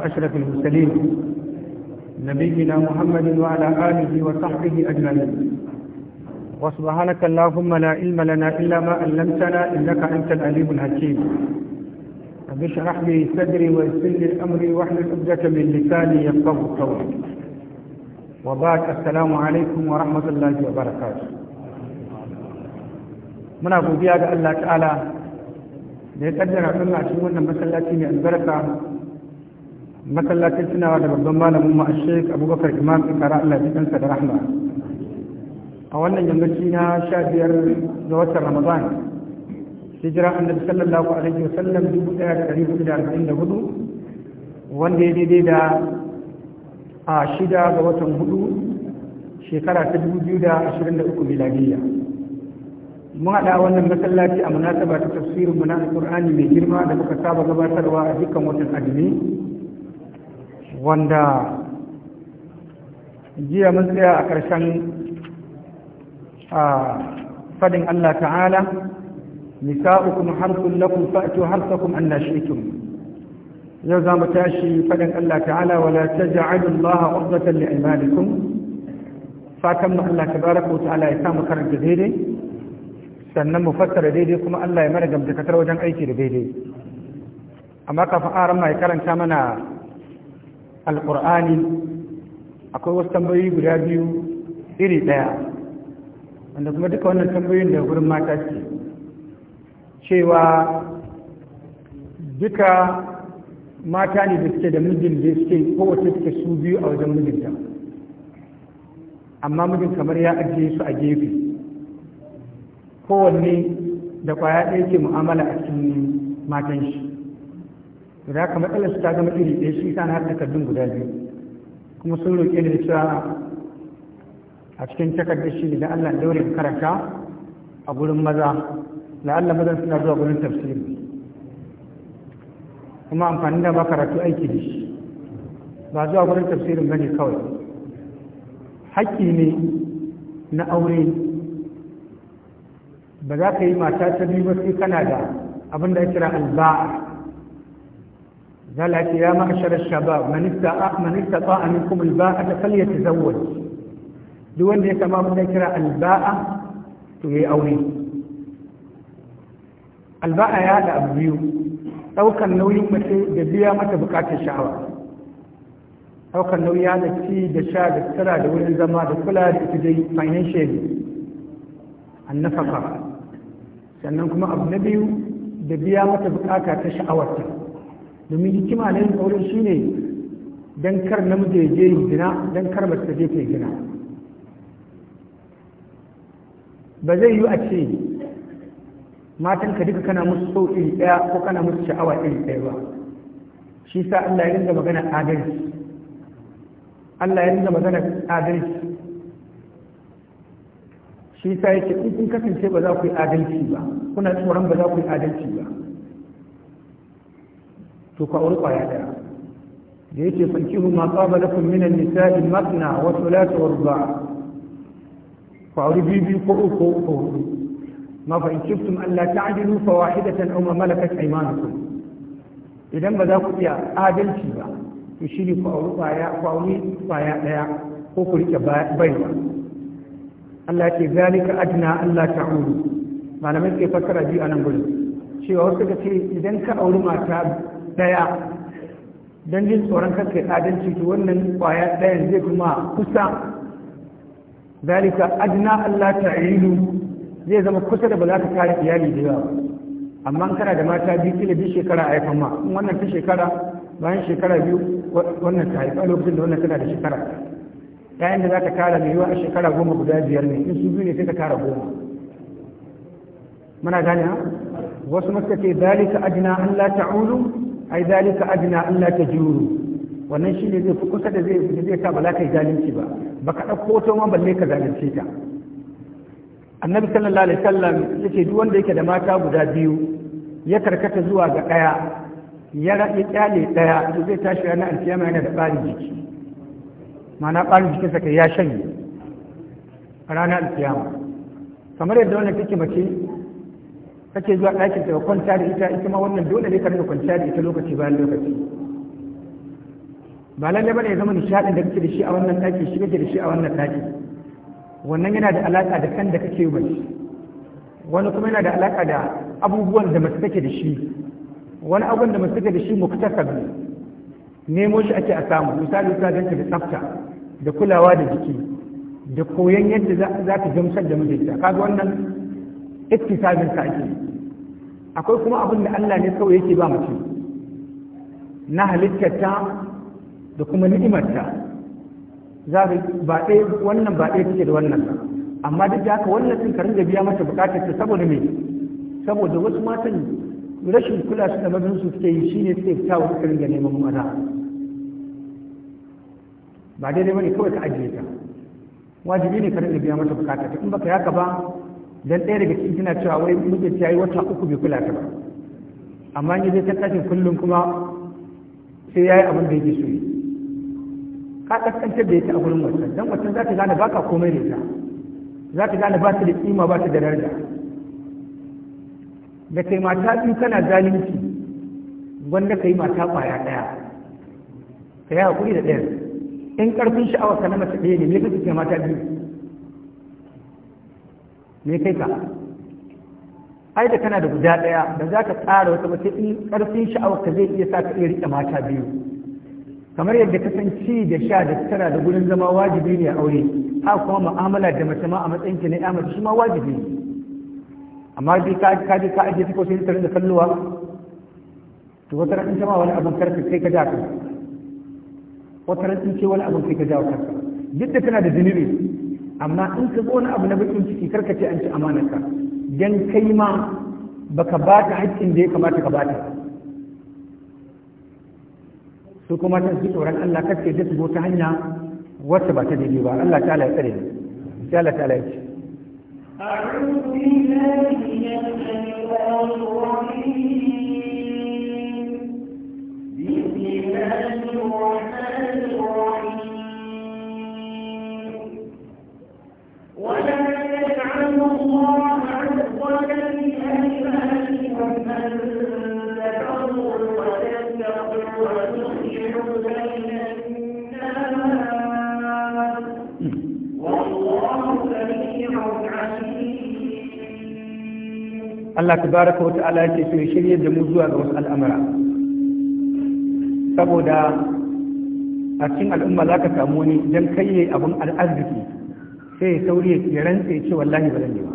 وأشرف المرسلين نبينا محمد وعلى آله وصحبه أجمعين وسبحانك اللهم لا علم لنا إلا ما علمتنا إنك أنت العليم الحكيم رب اشرح لي صدري ويسر لي أمري واحلل عقدة من لساني يفقه قولي وبعد السلام عليكم ورحمة الله وبركاته muna godiya ga Allah ta'ala da ya kaddara sunna cikin wannan masallaci mai albarka masallacin tunawa da babban malamin mu ashek abubakar imam ikara allah ji ɗansa da rahma a wannan yammaci na sha biyar ga watan ramadan hijira annabi sallallahu alaihi wasallam dubu ɗaya da ɗari hudu da arba'in da hudu wanda ya daidai da a shida ga watan hudu shekara ta dubu biyu da ashirin da uku miladiyya mun haɗa wannan masallaci a munasaba ta tafsirin mu na alƙur'ani mai girma da muka saba gabatarwa a dukkan watan adini wanda jiya mun tsaya a ƙarshen fadin Allah ta'ala nisa'ukum harsun lakum fa'tu harsakum an nashitum yau za mu tashi fadin Allah ta'ala wala taj'alu Allah uqdatan li imanikum fatan mu Allah tabaraka wa ta'ala ya samu karanta daidai sannan mu fassara daidai kuma Allah ya mana gamtakatar wajen aiki da daidai amma kafin aran mai karanta mana alƙur'ani akwai wasu tambayoyi guda biyu iri ɗaya wanda kuma duka wannan tambayoyin da gurin mata ce cewa duka mata ne da suke da mijin da suke kowace suke su biyu a wajen mijinta amma mijin kamar ya ajiye su a gefe kowanne da kwaya ɗaya ke mu'amala a cikin matan shi da haka matsalar ta zama iri ɗaya shi ta na takardun guda biyu kuma sun roƙe da cewa a cikin takardar shi da Allah daure karanta a gurin maza da Allah mazan suna zuwa gurin tafsiri kuma amfani da ba karatu aiki da shi ba zuwa gurin tafsirin ne kawai haƙƙi ne na aure ba za ka yi mata ta biyu ba sai kana da abin da ya kira alba'a قال يا معشر الشباب من استطاع من استطاع منكم الباءة فليتزوج دون ذلك ما ذكر الباءة تبي أولي الباءة يا أبيو ɗaukar nauyin mace da biya mata bukatar sha'awa ɗaukar nauyi ya da da sha da tsira da wurin zama da kula da ita dai financial annafaka sannan kuma abu na biyu da biya mata ta sha'awarta domin hikima na yin aure ne dan kar namiji ya je yi gina dan kar mace ta je ta gina ba zai yi a ce matan ka duka kana musu so iri daya ko kana musu sha'awa iri daya ba shi sa Allah ya ringa magana adalci Allah ya ringa magana adalci shi sa yake in kun kasance ba za ku yi adalci ba kuna tsoron ba za ku yi adalci ba to ka auri kwaya ɗaya. da yake fankihu ma tsaba lakum min an-nisa'i matna wa thulatha wa ruba' ku auri bibi ko uku ko hudu ma fa in kiftum alla ta'dilu fa wahidatan aw ma malakat aymanukum idan ba za ku iya adalci ba to shine ku auri kwaya ku auri kwaya ɗaya ko ku bai ba. Allah ke zalika adna Allah ta ta'ulu malamai ke fassara biyu a nan gudu. cewa wasu ka ce idan ka auri mata ɗaya don jin tsoron kanka adalci ciki wannan kwaya ɗayan zai kuma kusa zalika adina Allah ta'ilu zai zama kusa da ba za ka kare iyali da yawa amma kana da mata biyu kila biyu shekara a haifan ma in wannan ta shekara bayan shekara biyu wannan ta haifa lokacin da wannan tana da shekara yayin da za ka kara mai yiwa a shekara goma guda biyar ne in su biyu ne sai ka kara goma muna gane ha wasu masu ce zalika adna Allah ta'ulu ai zalika adna Allah ta juru wannan shi ne zai fi kusa da zai sa ba za ka yi zalunci ba ba ka ɗauko ta ma balle ka zalunce ta annabi sallallahu alaihi wasallam ya ce duk wanda yake da mata guda biyu ya karkata zuwa ga ɗaya ya raɗi ƙyale ɗaya to zai tashi ranar alkiyama yana da ɓarin jiki ma'ana ɓarin jikinsa kai ya shanye ranar alkiyama kamar yadda wannan take mace kake zuwa ɗakin ta kwanta da ita ita ma wannan dole ne ka rinka kwanta da ita lokaci bayan lokaci ba lalle bane ya zama nishaɗin da kake da shi a wannan ɗaki shi kake da shi a wannan ɗaki wannan yana da alaƙa da kan da kake mace wani kuma yana da alaƙa da abubuwan da masu take da shi wani abubuwan da masu take da shi muktasab ne nemo shi ake a samu misali ka ganta da tsafta da kulawa da jiki da koyon yadda za ta gamsar da mijinta kaga wannan iktisabin sa ake akwai kuma abin da Allah ne kawai yake ba mutum na halittarta da kuma ni'imarta za ba ɗaya wannan ba ɗaya take da wannan ba amma duk da haka wannan sun karin da biya mata bukatar ta saboda me saboda wasu matan rashin kula su da mazan su suke yi shine suke fita wasu karin da neman maza ba daidai bane kawai ka ajiye ta wajibi ne karin da biya mata bukatar ta in baka yaka ba dan ɗaya daga cikin tana cewa wai ta yi wata uku bai kula ta ba amma ni dai ta kullum kuma sai yayi abin da yake so yi ka kaskantar da yake a gurin wasan dan wasan za ta gane baka komai da ita za ta gane ba ta da kima ba ta da daraja da kai mata biyu kana zalunci wanda kai mata kwaya ɗaya ka yi haƙuri da ɗaya. in ƙarfin sha'awa ka na mace ɗaya ne me kake mata biyu me kai ka ai da kana da guda ɗaya da za ka tsara wata mace in ƙarfin sha'awar ka zai iya sa ka iya riƙe mata biyu kamar yadda ka san ci da sha da tara da gurin zama wajibi ne a aure ha kuma mu'amala da mace ma a matsayin ki ne ya mace shi ma wajibi ne amma bi ka ka je ka aje ko sai da kalluwa to wata ran ta ma wani abin karfi kai ka da ka wata ran ce wani abin kai ka da ka duk da tana da zinubi amma in ka zo wani abu na bakin ciki karka ce an ci amanarka dan kai ma baka ba ta haƙƙin da ya kamata ka ba ta su kuma ta ji tsoron Allah kace da su go ta hanya wacce ba ta daidai ba Allah ta ya tsare ni Allah ta ya ce أعوذ بالله من الشيطان الرجيم بسم الله الرحمن الرحيم Allah tabaraka wa ta'ala yake so ya shirye da mu zuwa ga wasu al'amura saboda a cikin al'umma za ka samu wani don kai ne abin al'arziki sai ya sauri ya rantse ya ce wallahi ba zan yi ba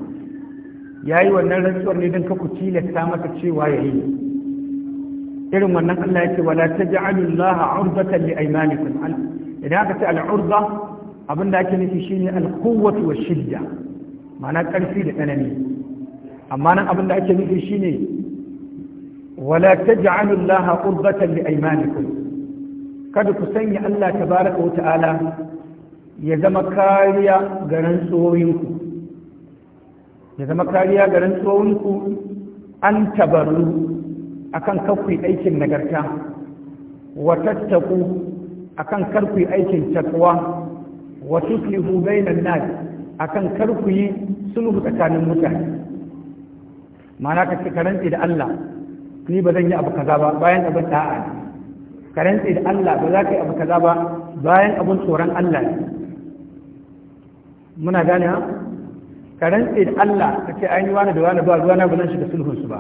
ya yi wannan rantsuwar ne don ka ku tilasta masa cewa ya yi irin wannan Allah ya ce wala taj'alu Allah urdatan li aymanikum idan aka ce al'urda abin da ake nufi shine al-quwwatu wa shidda ma'ana karfi da tsanani amma nan abin da ake nufi shine wala taj'alu Allah urdatan li aymanikum kada ku sanya Allah tabaraka wa ta'ala ya zama kariya ga rantsuwoyinku ya zama kariya ga rantsuwoyinku an tabaru akan karku aikin nagarta wa tattaku akan karku aikin takwa wa tuslihu bainan nas akan karku yi sulhu tsakanin mutane ma'ana ka ce karanti da Allah ni ba zan yi abu kaza ba bayan abin da'a karanti da Allah ba za ka yi abu kaza ba bayan abin tsoron Allah ne muna gane ha ka rantse da Allah ka ce an yi wani da wani ba ruwa na ba zan shiga sulhun su ba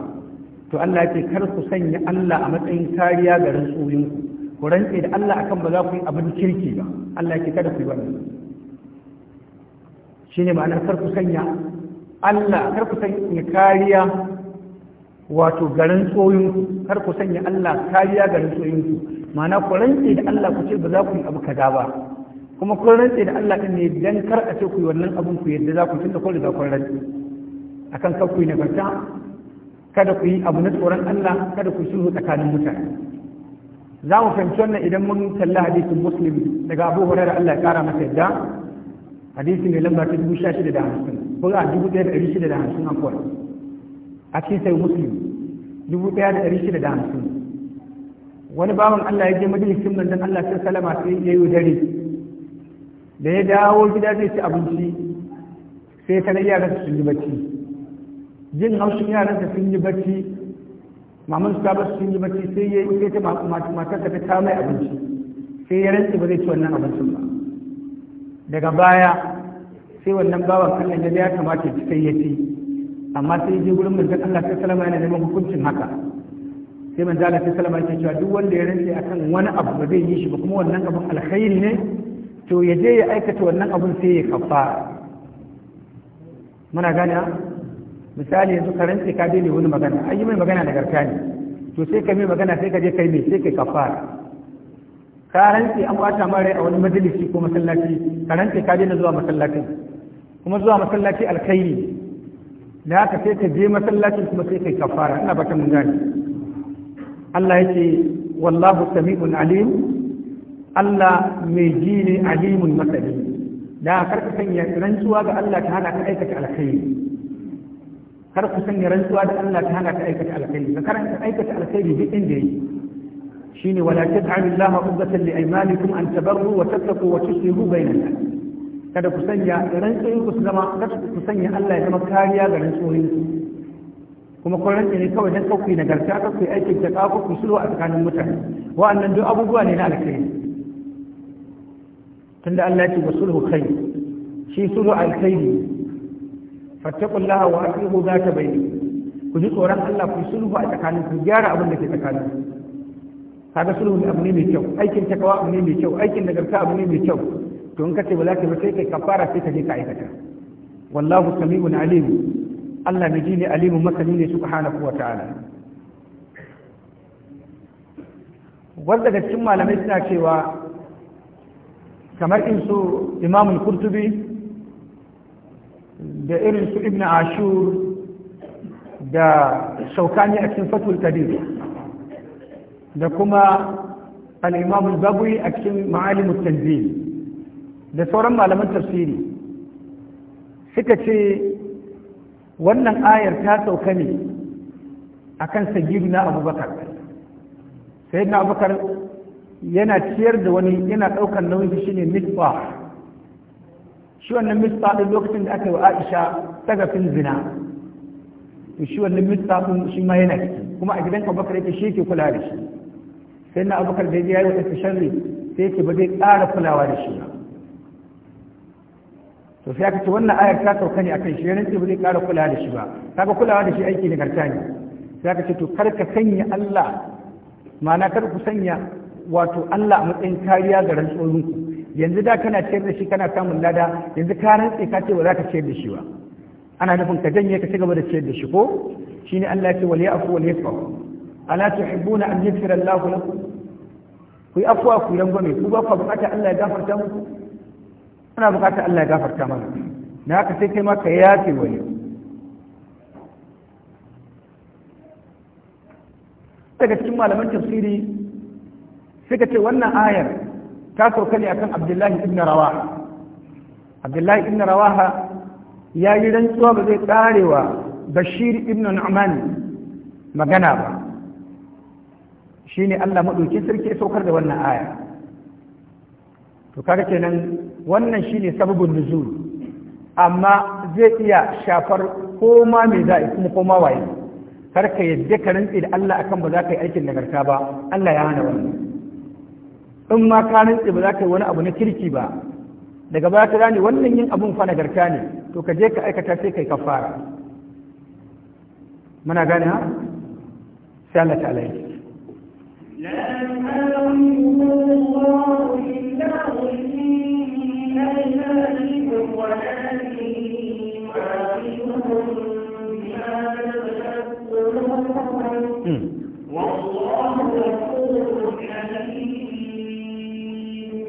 to Allah ya ce kar ku sanya Allah a matsayin kariya ga rantsoyin ku ku rantse da Allah akan ba za ku yi abin kirki ba Allah ya ce kada ku yi wannan shine ma'anar kar ku sanya Allah kar ku sanya kariya wato garin tsoyinku kar ku sanya Allah kariya garin tsoyinku ma'ana ku rantse da Allah ku ce ba za ku yi abu kaza ba kuma kun rantse da Allah ɗin ne dan kar a ce ku yi wannan abin ku yadda za ku tunda kun riga kun rantse kan kar ku yi nagarta kada ku yi abu na tsoron Allah kada ku sulhu tsakanin mutane za mu fahimci wannan idan mun kalli hadisin muslim daga Abu Hurairah Allah ya kara masa yadda hadisi mai lamba ta dubu sha shida da hamsin ko a dubu ɗaya da ɗari shida da hamsin an kowai a cikin sai muslim dubu ɗaya da ɗari shida da hamsin wani bawan Allah ya je majalisin manzon Allah sai salama sai ya yi dare da ya dawo gida zai ci abinci sai kana yaran sun yi bacci jin haushin yaran sun yi bacci maman su ta basu sun yi bacci sai ya yi ta matar ta ta mai abinci sai ya rantsi ba zai ci wannan abincin ba daga baya sai wannan bawan kallon ya ya kamata ci sai ya ci amma sai je gurin mulkin Allah sai salama yana neman hukuncin haka sai manzon Allah sai salama yake cewa duk wanda ya rantsi akan wani abu ba zai yi shi ba kuma wannan abin alkhairi ne to ya je ya aikata wannan abin sai ya kafa muna gane misali yanzu ka rantse ka daina wani magana an yi mai magana da garka ne to sai ka mai magana sai ka je kai mai sai kai kafara ka rantse an bata mara a wani majalisi ko masallaci ka rantse ka daina zuwa masallaci kuma zuwa masallaci alkhairi da haka sai ka je masallacin kuma sai kai kafara ina baka mun gane Allah yake wallahu sami'un alim Allah mai ji ne alimun masani da kar ka sanya rantsuwa ga Allah ta hana ka aikata alkhairi kar ka sanya rantsuwa da Allah ta hana ka aikata alkhairi ka karanta aikata alkhairi duk inda yake shine wala taj'alu Allah ubbatan li aymanikum an tabarru wa tattaqu wa tuslihu bainan nas kada ku sanya rantsuwa ku zama kada ku sanya Allah ya zama kariya ga rantsuwoyin ku kuma kun rantsa ne kawai dan kauku nagarta kauku aikin ta ku sulhu a tsakanin mutane wa'annan duk abubuwa ne na alkhairi tunda Allah ce sulhu khair shi sulhu alkhairi fattaqullaha wa aqlihu zata baini ku ji tsoron Allah ku sulhu a tsakanin ku gyara abin da ke tsakanin kaga sulhu abu ne mai kyau aikin takawa abu ne mai kyau aikin nagarta abu ne mai kyau to in ka ce ba za ka ba sai kai kafara sai ka je ka aikata wallahu sami'un alim Allah ne ji ne alimun masani ne subhanahu wa ta'ala wanda daga cikin malamai suna cewa kamar in su kurtubi da irin su ibn ashur da shaukani a cikin fatul kadir da kuma al'imamul babui a cikin Ma'alimu tanzil da sauran malaman tafsiri suka ce wannan ayar ta sauka ne a kan sagiru na abubakar sai na abubakar yana ciyar da wani yana ɗaukar nauyin shi ne misbah shi wannan misbah ɗin lokacin da aka yi Aisha tagafin zina to shi wannan misbah ɗin shi ma yana ciki kuma a gidan Abubakar yake shi yake kula da shi sai na Abubakar da ya yi wata tasharri sai yake ba zai ƙara kulawa da shi ba to sai aka ce wannan ayar ta sauka ne akan shi yanin ba zai ƙara kulawa da shi ba kaga kulawa da shi aiki da garta ne sai aka ce to kar ka sanya Allah ma'ana kar ku sanya wato Allah a matsayin kariya ga rantsoyinku yanzu da kana ciyar da shi kana samun lada yanzu ka rantse ka ce ba za ka ciyar da shi ba ana nufin ka janye ka ci gaba da ciyar da shi ko shine Allah ya ce wal ya'fu wal yasfahu ala tuhibbuna an yaghfira Allah lakum ku yi afwa ku gome ku ba ku bukata Allah ya gafarta muku ana bukata Allah ya gafarta mana na ka sai kai ma ka yafe wani daga cikin malaman tafsiri suka ce wannan ayar ta sauka ne akan abdullahi ibn rawaha abdullahi ibn rawaha ya yi rantsuwa ba zai karewa bashir ibn nu'man magana ba shine Allah madauki sarki saukar da wannan aya to kaga kenan wannan shine sababin nuzul amma zai iya shafar koma mai za'i kuma koma waye kar ka yadda ka rantsi da Allah akan ba za ka yi aikin nagarta ba Allah ya hana wannan in ma ka rantse ba za ka yi wani abu na kirki ba daga baya ka gane wannan yin abun fa nagarta ne to ka je ka aikata sai kai kafara muna gane ha sai Allah ta alai والله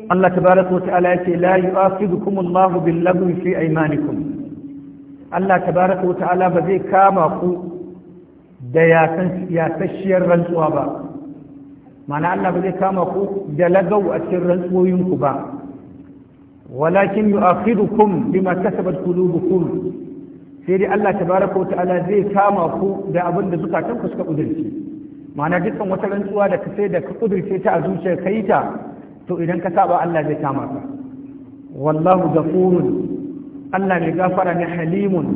Allah tabaraka wa ta'ala yake la yu'akhidhukum Allahu bil lagwi fi aymanikum Allah tabaraka wa ta'ala ba zai kama ku da yasan yasashiyar rantsuwa ba ma'ana Allah ba zai kama ku da lagau a cikin rantsuwoyinku ba walakin yu'akhirukum bima kasabat qulubukum sai dai Allah tabaraka wa ta'ala zai kama ku da abin da zukatan ku suka kudurce ma'ana dukkan wata rantsuwa da ka sai da ka kudurce ta a zuciyar kai ta to idan ka saba Allah zai kama ka wallahu ghafurun Allah mai gafara ne halimun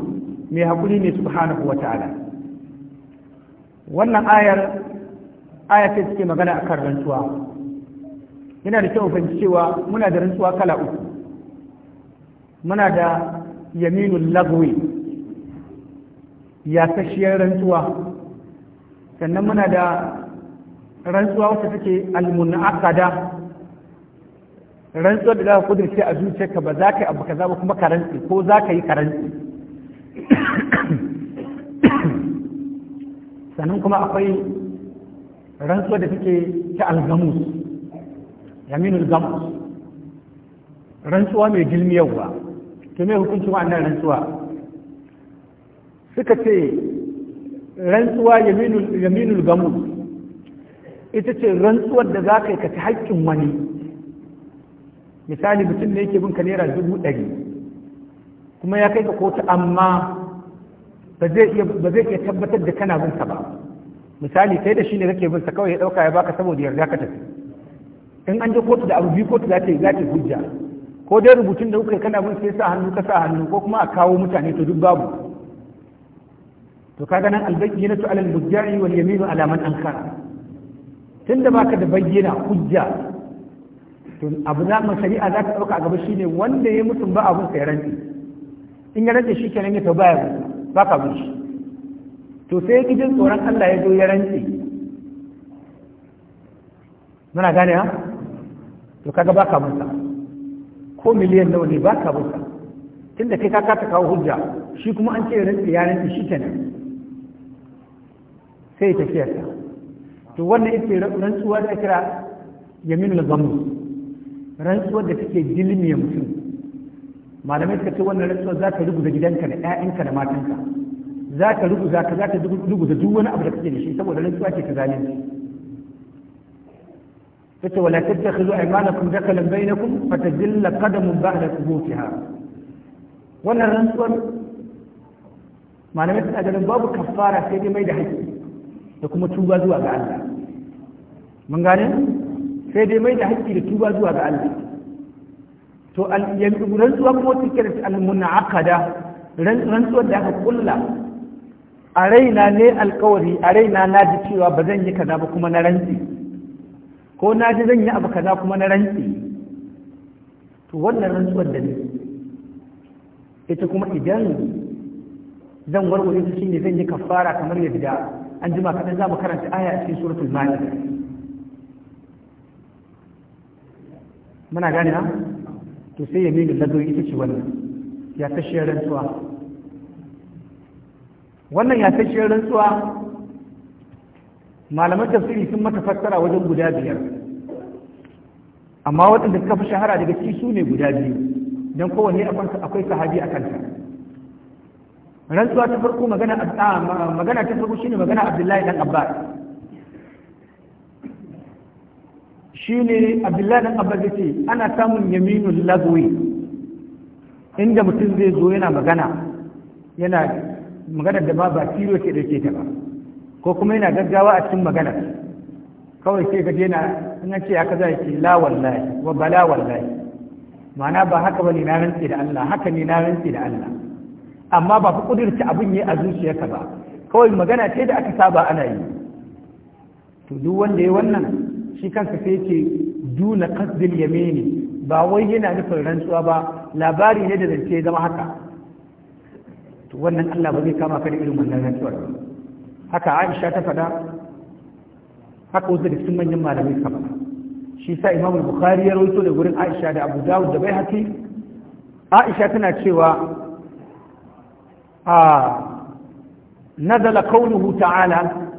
mai hakuri ne subhanahu wata'ala wannan ayar aya ce take magana akan rantsuwa yana da kyau fahimci cewa muna da rantsuwa kala uku muna da yaminul lagwi ya kashiyar rantsuwa sannan muna da rantsuwa wacce take almunakada rantsuwar da za ka kudirce a zuciyarka ba za ka yi abu kaza ba kuma karanci ko za ka yi karanci sannan kuma akwai rantsuwar da suke ta algamus yaminul gamus rantsuwa mai gilmiyarwa to mai hukuncin wannan rantsuwa suka ce rantsuwa yaminul gamus ita ce rantsuwar da za ka yi ka ci haƙƙin wani misali mutum ne yake bin ka naira dubu ɗari kuma ya kai ka kotu amma ba zai iya tabbatar da kana bin sa ba misali kai da shi ne kake bin sa kawai ya ɗauka ya baka saboda yarda ka tafi in an je kotu da abu biyu kotu za ta za hujja ko dai rubutun da kuka kana bin sai sa hannu ka sa hannu ko kuma a kawo mutane to duk babu to kaga nan albayyinatu alal mujja'i wal yaminu ala man ankara tunda baka da bayyana hujja to abu na mu shari'a za ka ɗauka a gaba shi ne wanda ya mutum ba abin sai rantsi in ya rantsi shi kenan ya tauba ya ba ka bin shi to sai ya gidan tsoron Allah ya zo ya rantsi muna gane ha to kaga ba ka musa ko miliyan nawa ne ba ka musa tunda kai ka kata kawo hujja shi kuma an ce ya rantsi ya rantsi shi kenan sai ta to wannan ita rantsuwa da kira yamin al-ghamus rantsuwar da take dilmiya mutum malamai suka ce wannan rantsuwar za ta rubuta gidanka da ƴaƴanka da matanka za ta rubuta ka za ta rubuta duk wani abu da kake da shi saboda rantsuwa ce ta zalunci tace wala tattakhidhu aymanakum dakalan bainakum fatadilla qadamun ba'da thubutiha wannan rantsuwar malamai suna ganin babu kafara sai dai mai da haƙƙi da kuma tuba zuwa ga Allah mun gane sai dai mai da hakki da tuba zuwa ga Allah to rantsuwa kuma take da al-munaqada rantsuwar da aka kulla a raina ne alkawari a raina na ji cewa ba zan yi kaza ba kuma na rantsi ko na ji zan yi abu kaza kuma na rantsi to wannan rantsuwar da ne ita kuma idan zan warware su shine zan yi kafara kamar yadda an jima kaɗan za mu karanta aya a cikin suratul ma'ida muna gane ha to sai ya mini lazo ita ce wannan ya kashe rantsuwa wannan ya kashe rantsuwa malaman tafsiri sun mata fassara wajen guda biyar amma waɗanda suka fi shahara daga ciki su ne guda biyu don kowanne akwai sahabi a kanta rantsuwa ta farko magana ah, magana ta farko shine magana Abdullahi dan Abbas shine abdullahi abu abbas yace ana samun yaminu lagwi inda mutum zai zo yana magana yana magana da ma ba tiro ke dauke ta ba ko kuma yana gaggawa a cikin magana kawai sai ga yana in ce haka zai ce la wallahi wa bala wallahi ma'ana ba haka bane na rantsi da Allah haka ne na rantsi da Allah amma ba fa kudurta abin yayi a zuciyarka ba kawai magana ce da aka saba ana yi to duk wanda ya wannan shi kansa sai ce duna kasdil yamini ba wai yana nufin rantsuwa ba labari ne da zance zama haka to wannan Allah ba zai kama ka da irin wannan rantsuwar haka Aisha ta faɗa haka wasu da cikin manyan malamai suka shi sa Imam Bukhari ya rawaito da gurin Aisha da Abu Dawud da Baihaqi Aisha tana cewa a ah, nazala qawluhu ta'ala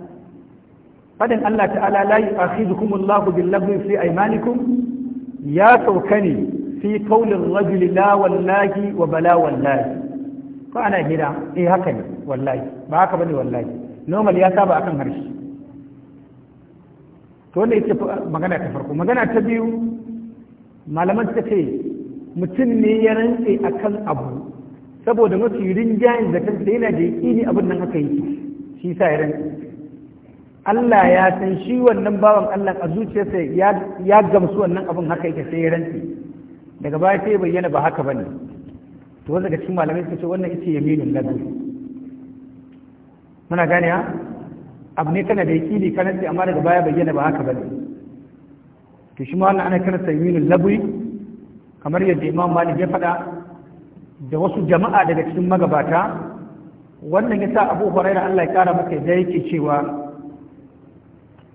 fadin Allah ta'ala la yu'akhidhukum Allahu bil lagwi fi aymanikum ya saukani fi qawlir rajuli la wallahi wa bala wallahi ko ana gida? eh haka ne wallahi ba haka bane wallahi normal ya saba akan harshe to wanda yake magana ta farko magana ta biyu malaman ta ce mutum ne ya rantse akan abu saboda mafi rinjayen zaton sai yana da yaƙini abin nan haka yake shi sa ya rantse Allah ya san shi wannan bawan Allah a zuciyarsa ya gamsu wannan abin haka yake sai ya rantsi daga baya sai bayyana ba haka bane to wanda daga cikin malamai suka ce wannan ita na nabi muna gane ha abu ne kana da yakini kana sai amma daga baya bayyana ba haka bane to shi ma wannan ana kana sa yaminun nabi kamar yadda Imam Malik ya faɗa da wasu jama'a daga cikin magabata wannan yasa Abu Hurairah Allah ya kara masa da yake cewa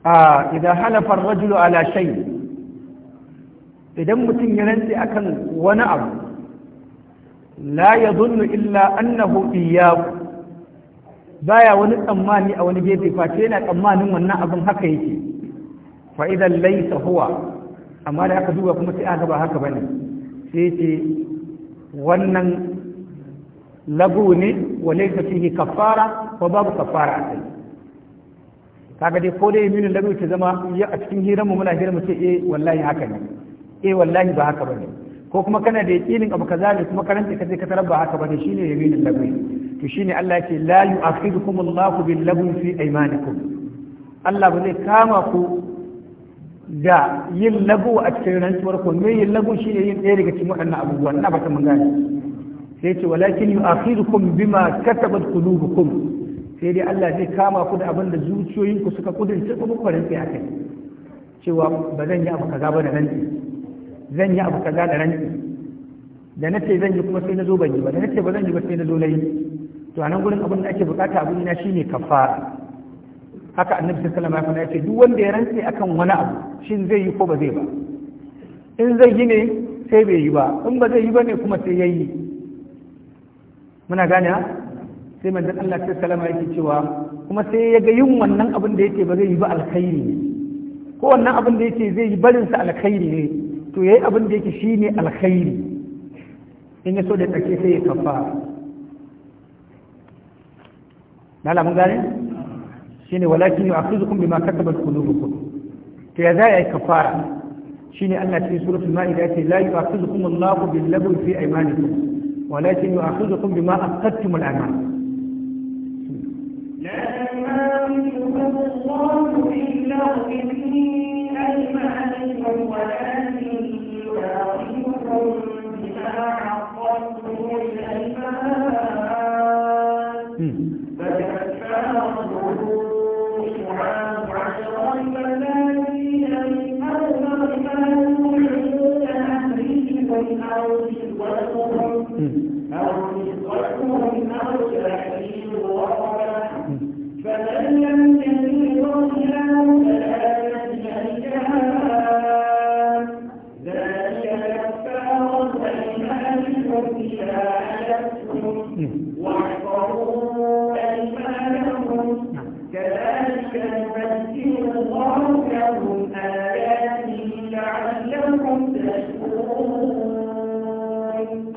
a ah, idan halafar rajulu ala shay idan mutum ya rantse akan wani abu la ya zunnu illa annahu iyaku baya wani tsammani a wani gefe face yana tsammanin wannan abin haka yake fa idan laisa huwa amma da aka duba kuma sai aka ba haka bane sai ce wannan lagu ne wa laisa fihi kafara wa babu kafara a kai kaga dai ko dai minin lagawi ta zama a cikin hiranmu muna hira mu ce eh wallahi haka ne eh wallahi ba haka bane ko kuma kana da yaqinin abu kaza ne kuma karanta ka sai ka tarar ba haka bane shine yaminin lagawi to shine Allah yake la yu'akhidukum Allahu bil lagwi fi aymanikum Allah ba zai kama ku da yin lagu a cikin rantsuwar ku me yin lagu shine yin ɗaya daga cikin waɗannan abubuwan na ba ta mun gane sai ce walakin yu'akhidukum bima katabat qulubukum sai dai Allah zai kama ku da abin da zuciyoyinku suka kudurce kuma ku rantsi kai cewa ba zan yi abu kaza ba da rantsi zan yi abu kaza da rantsi da nace zan yi kuma sai na zo ban yi ba da nace ba zan yi ba sai na zo na yi to a nan gurin abin da ake bukata abin na shine kafara haka annabi sallallahu alaihi wasallam ya ce duk wanda ya rantsi akan wani abu shin zai yi ko ba zai ba in zai yi ne sai bai yi ba in ba zai yi ba ne kuma sai yayi muna gane sai manzon Allah ta salama yake cewa kuma sai ya ga yin wannan abin da yake ba zai yi ba alkhairi ne ko wannan abin da yake zai yi barin sa alkhairi ne to yayi abin da yake shine alkhairi in ya so da tsake sai ya kafa lala mun gane shine walakin yu'akhizukum bima kasabat qulubukum to ya za yi kafara shine Allah cikin suratul ma'ida yace la yu'akhizukum Allahu bil-lagwi fi aymanikum walakin yu'akhizukum bima aqadtum al-aymanakum ولكن يراعيكم بما عقدتم الأيمان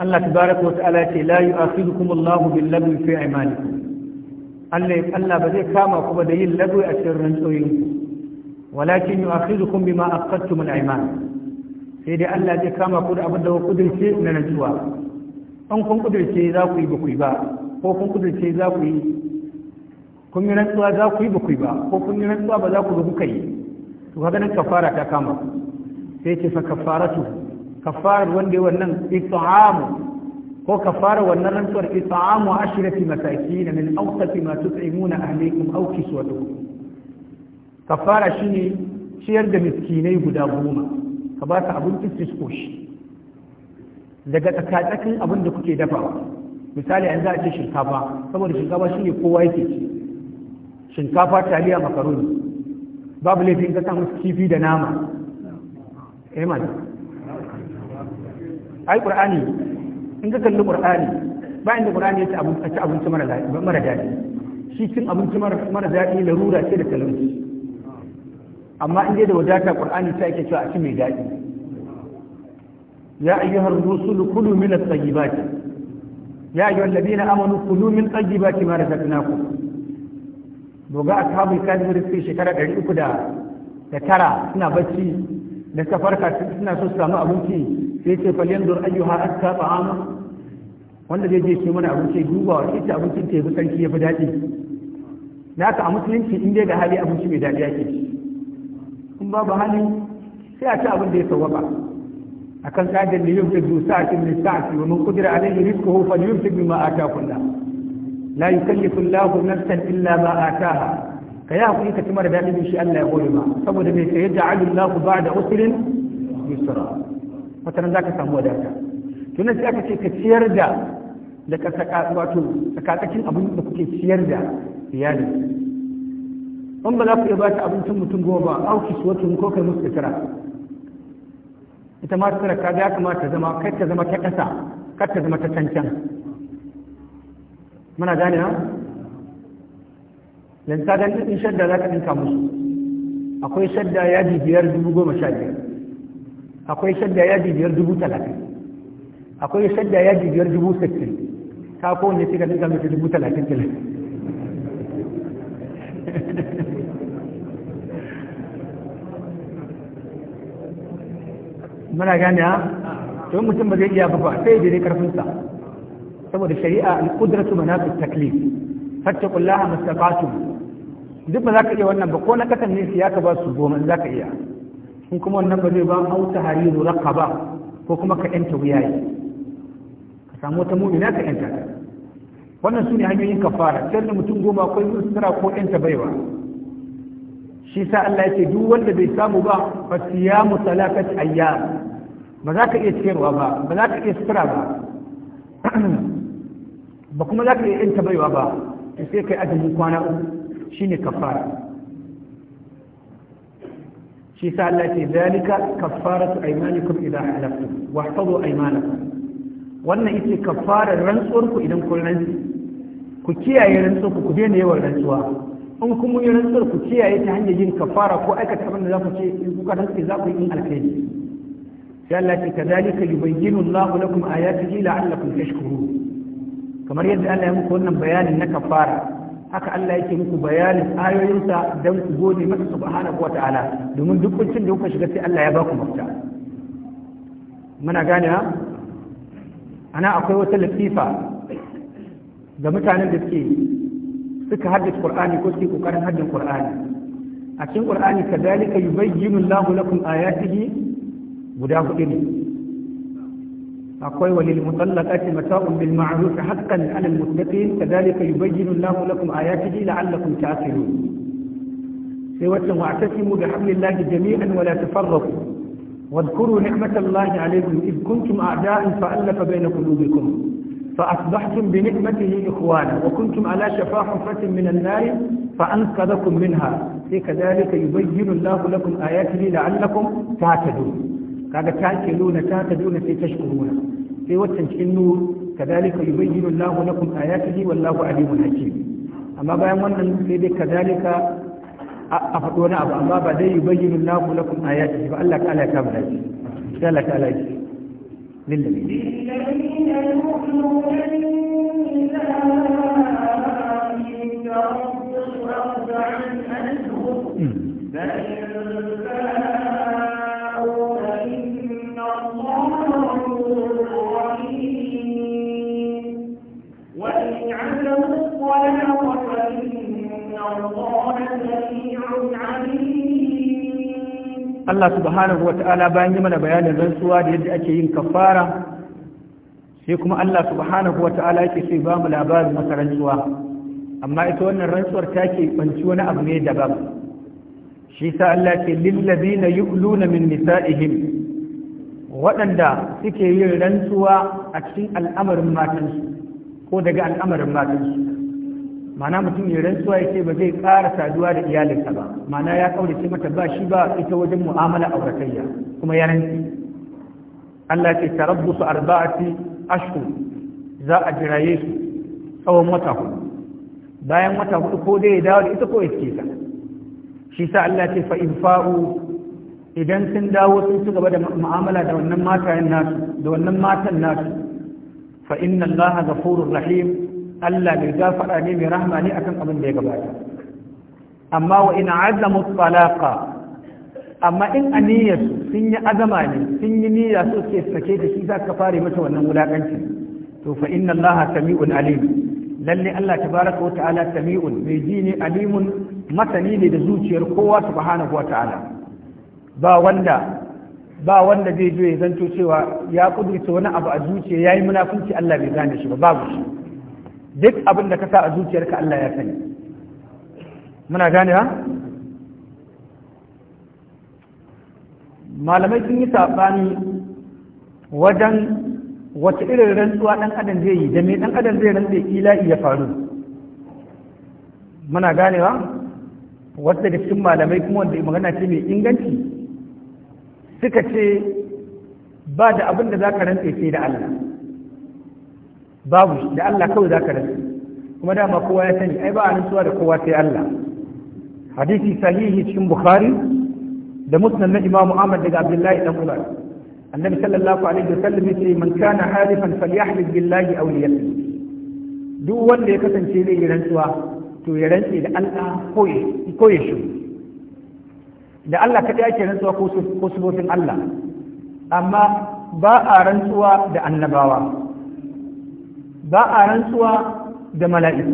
Allah tabaraka wa ta'ala ce la yu'akhidukum Allahu bil lagwi fi Allah Allah ba zai kama ku ba da yin lagwi a cikin rantsoyin walakin yu'akhidukum bima aqadtum al sai dai Allah zai kama ku da abin da ku kudirce na rantsuwa an kun kudirce za ku yi ba ku yi ba ko kun kudirce za ku yi kun yi rantsuwa za ku yi ba ku yi ba ko kun yi rantsuwa ba za ku ba kuka yi to kaga nan kafara ta kama sai ce fa kafaratu kafarar wanda ya wannan it'amu ko kafarar wannan rantsuwar it'amu ashrati masakin min awsati ma tut'imuna ahlikum aw kiswatukum kafara ne ciyar da miskinai guda goma ka ba ta abinci su koshi daga tsakatsakin abin da kuke dafawa misali an za a ce shinkafa saboda shinkafa shi ne kowa yake ci shinkafa taliya makaroni babu laifin ka samu kifi da nama eh mana ai qur'ani in ka kalli qur'ani ba inda qur'ani yace abun kace abinci mara daɗi mara dadi shi cin abinci mara daɗi larura ce da talauci amma in da wadata qur'ani ta yake cewa a ci mai daɗi ya ayyuhar rusulu kulu min at-tayyibat ya ayyuhal ladina amanu kulu min at-tayyibat ma razaqnakum doga ashabu kafir fi shekara 300 da da tara suna bacci da safarka suna so su samu abinci sai ce falyanzur ayyuha aska ta'amu wanda zai je shi mana abinci duba wa ita abincin ta yabi sarki yafi daɗi da ka a musulunci in dai da hali abinci mai daɗi ake in babu hali sai a ci abin da ya sawaba kan tsadar da yau ta zu sa'ati min sa'ati wa man qudira alayhi rizquhu ta bima ataahu Allah la yukallifu Allahu nafsan illa ma ataaha ka yi haƙuri ka ci mara daɗin shi Allah ya goyi ma saboda mai da yadda alillahu ba da usulin yusra wataran za ka samu wadata tunan sai aka ce ka ciyar da da ka wato abin da kuke ciyar da iyali in ba za ku iya ba ta abincin mutum goma ba auki su wata ko kai musu tara ita ma tara ka ya kamata zama kai ta zama ta ƙasa kar ta zama ta cancan muna gane na yanzu ta dan ɗin shadda za ka ɗinka musu akwai shadda ya biyar dubu goma sha biyar akwai shadda yaji biyar dubu talatin akwai shadda yaji biyar dubu sittin ta kowane shiga duka mutu dubu talatin talatin muna gane ha don mutum ba zai iya ba sai ya dai karfinsa saboda shari'a al-qudratu manaqit taklif fattaqullaha mastata'tum duk ba za ka iya wannan ba ko na kasan ne ya ka ba su goma za ka iya in kuma wannan ba zai ba au tahriru raqaba ko kuma ka yanta yi. ka samu wata mu'mina ka yanta Wannan wannan sune hanyoyin kafara sai da mutum goma akwai mustura ko yanta baiwa shi sa Allah ya ce duk wanda bai samu ba fa siyamu talafat ayyam ba za ka iya ciyarwa ba ba za ka iya sutura ba ba kuma za ka iya yanta baiwa ba sai kai azumin kwana uku shine kafara shi sa Allah ce zalika kaffaratu aymanikum idza halaftum wahtadu aymanakum wannan ita kaffarar rantsuwar ku idan kun rantsi ku kiyaye rantsuwar ku ku daina yawan rantsuwa in kun yi rantsuwar ku kiyaye ta hanyar yin kaffara ko aikata abin da za ku ce in kuka rantsi za ku yi in alkhairi sai Allah ce kadhalika yubayyinu Allahu lakum ayatihi la'allakum tashkurun kamar yadda Allah ya muku wannan bayanin na kaffara haka Allah yake muku bayanin ayoyinsa don ku gode masa subhanahu wata'ala domin duk kuncin da kuka shiga sai Allah ya ba ku mafita muna gane ana akwai wata latifa ga mutanen da suke suka haddace Qur'ani ko suke kokarin haddace Qur'ani a cikin Qur'ani kadalika yubayyinu Allahu lakum ayatihi guda hudu ne أقول وللمطلقة متاع بالمعروف حقا على المتقين كذلك يبين الله لكم آياته لعلكم تعقلون سوى واعتصموا بحبل الله جميعا ولا تفرقوا واذكروا نعمة الله عليكم إذ كنتم أعداء فألف بين قلوبكم فأصبحتم بنعمته إخوانا وكنتم على شفا حفرة من النار فأنقذكم منها كذلك يبين الله لكم آياته لعلكم تعتدون kaga takiluna takaduna sai tashkuruna sai waccan cikin nur kadalika yubayyinu Allahu lakum ayatihi wallahu alimun hakim amma bayan wannan sai dai kadalika a faɗo wani abu amma ba dai yubayyinu Allahu lakum ayatihi ba Allah ta'ala ya kama dace sai Allah ta'ala ya ce للذين يؤمنون بالله Allah subhanahu wa bayan yi mana bayanin rantsuwa da yadda ake yin kafara sai kuma Allah subhanahu wa yake sai ba mu labarin wata rantsuwa amma ita wannan rantsuwar ta ke banci wani abu ne daban shi sa Allah ke na yu'luna min nisa'ihim waɗanda suke yin rantsuwa a cikin al'amarin matansu ko daga al'amarin matansu ma'ana mutum ya rantsuwa ya ce ba zai ƙara saduwa da iyalinsa ba ma'ana ya kaurace mata ba shi ba ita wajen mu'amala auratayya kuma ya rantsi Allah ce su arba'ati ashhur za a jiraye su tsawon wata hudu bayan wata hudu ko dai ya dawo da ita ko ya ce ta shi sa Allah ce fa in fa'u idan sun dawo sun ci gaba da mu'amala da wannan matan nasu da wannan matan nasu fa inna Allah ghafurur rahim Allah mai gafara ne mai rahama ne akan abin da ya gabata amma wa ina azamu talaqa amma in aniyar sun yi azama ne sun yi niyya so ke sake da shi za ka fare mata wannan wulakanci to fa inna Allaha sami'un alim lalle Allah tabaraka wa ta'ala sami'un mai ji ne alimun masani ne da zuciyar kowa subhanahu wa ta'ala ba wanda ba wanda zai zo ya zanto cewa ya kudurta wani abu a zuciya yayi munafunci Allah bai gane shi ba babu shi duk abin da ka sa a zuciyarka Allah ya sani muna gane ha malamai sun yi saɓani wajen wata irin rantsuwa ɗan adam zai yi da mai ɗan adam zai rantsa ila'i ya faru muna gane ha wata da cikin malamai kuma wanda magana ce mai inganci suka ce ba da abin da za ka rantsa sai da Allah babu da Allah kawai zaka rasu kuma dama kowa ya sani ai ba a nutsuwa da kowa sai Allah hadisi sahihi cikin bukhari da musnad na imamu ahmad daga abdullahi dan umar annabi sallallahu alaihi wasallam yace man kana halifan falyahlif billahi aw liyasmut duk wanda ya kasance zai yi rantsuwa to ya rantse da Allah ko ya shi da Allah kaɗai ake rantsuwa ko sufofin Allah amma ba a rantsuwa da annabawa ba a rantsuwa da mala'iku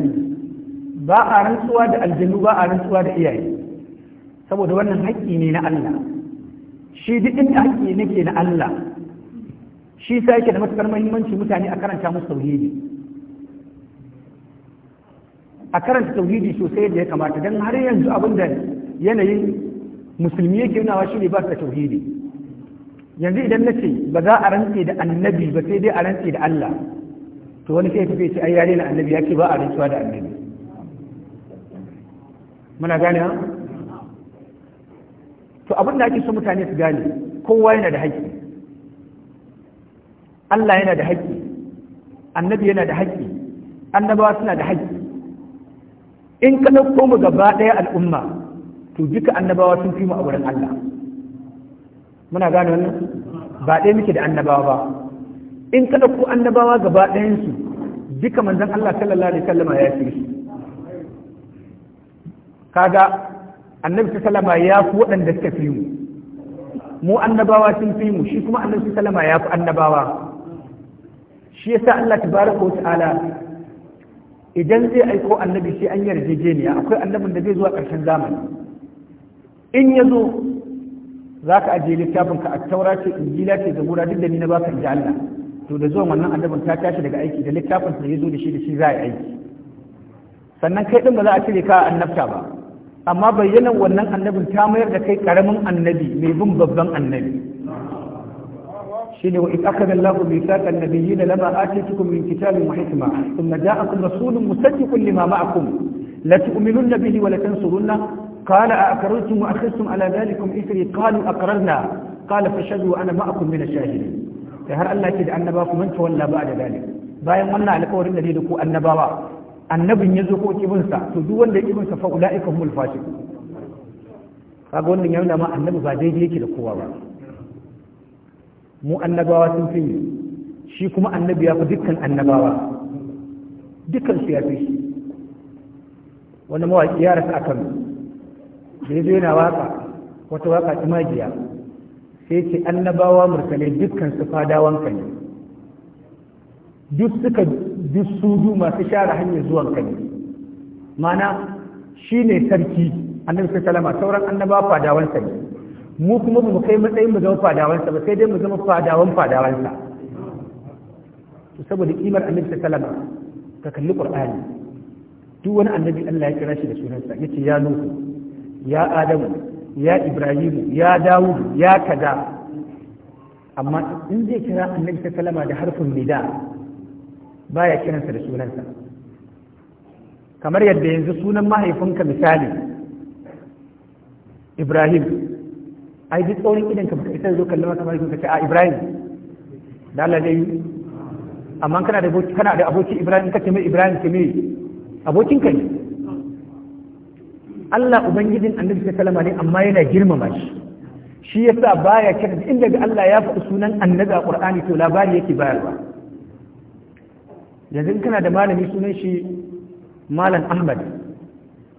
ba a rantsuwa da aljanu ba a rantsuwa da iyaye saboda wannan haƙƙi ne na Allah shi duk inda haƙƙi nake na Allah shi sa yake da matuƙar muhimmanci mutane a karanta musu tauhidi a karanta tauhidi sosai da ya kamata don har yanzu abin da yanayin musulmi yake nawa shi ne ba su tauhidi yanzu idan na ce ba za a rantse da annabi ba sai dai a rantse da Allah to wani sai tafi ce ai na annabi ya ce ba a rantsuwa da annabi muna gane ha to abin da ake so mutane su gane kowa yana da haƙƙi Allah yana da haƙƙi annabi yana da haƙƙi annabawa suna da haƙƙi in ka ɗauko mu gaba ɗaya al'umma to duka annabawa sun fi mu a wurin Allah muna gane wannan ba ɗaya muke da annabawa ba in ka ɗauko annabawa gaba ɗayansu duka manzan Allah sallallahu alaihi wasallama ya fi su kaga annabi sallama ya fi waɗanda suka fi mu mu annabawa sun fi mu shi kuma annabi sallama ya fi annabawa shi yasa Allah tabaraka wa ta'ala idan zai aiko annabi sai an yarjejeniya akwai annabin da zai zuwa ƙarshen zamani in ya zo za ka ajiye littafin ka a taura ce injila ce zabura duk da ni na baka ji Allah to da zuwan wannan annabin ta tashi daga aiki da littafin da ya zo da shi da shi za a yi aiki sannan kai din ba za a cire ka annabta ba amma bayyanan wannan annabin ta mayar da kai karamin annabi mai bin babban annabi shine wa idh akhadha Allahu mithaqa an-nabiyyin lama atitukum min kitabin wa hikma thumma ja'akum rasulun musaddiqun lima ma'akum la tu'minunna bihi wa la tansurunna قال أأقررتم وأخذتم على ذلكم إثري قالوا أقررنا قال فشهدوا أنا معكم من الشاهدين kai har Allah ce da annaba ku manta walla ba da dalil bayan wannan alƙawarin da ne da ku annabawa annabin ya zo ko sa to duk wanda ya sa fa ulaika humul fasiqun kaga wannan ya nuna ma annabi ba daidai yake da kowa ba mu annabawa sun fi shi kuma annabi ya fi dukkan annabawa dukkan su ya fi shi wani mawaƙi ya rasa akan da ya zo yana waka wata waka ta magiya sai ce annabawa mursalai dukkan su fadawanka ne duk suka duk sudu masu share hanyar zuwan ka ne mana shi ne sarki annabi sai salama sauran annabawa fadawansa ne mu kuma mu kai matsayin mu zama fadawansa ba sai dai mu zama fadawan fadawansa to saboda kimar annabi sai salama ka kalli qur'ani duk wani annabi Allah ya kira shi da sunansa yace ya nuhu ya adamu ya ibrahimu ya dawud ya Kada amma in zai kira annabi ta kalama da harfin nida baya kiransa da sunansa kamar yadda yanzu sunan mahaifinka misali ibrahim ai duk tsoron idan ka baka isa zo kallon mahaifin ka ce a ibrahim da Allah zai yi amma kana da aboki ibrahim ka ce ibrahim kace mai ibrahim ke mai abokin ka ne Allah ubangijin annabi kalama ne amma yana girmama shi shi yasa baya kira inda ga Allah ya faɗi sunan annabi a Qur'ani to labari yake bayarwa yanzu kana da malami sunan shi malam Ahmad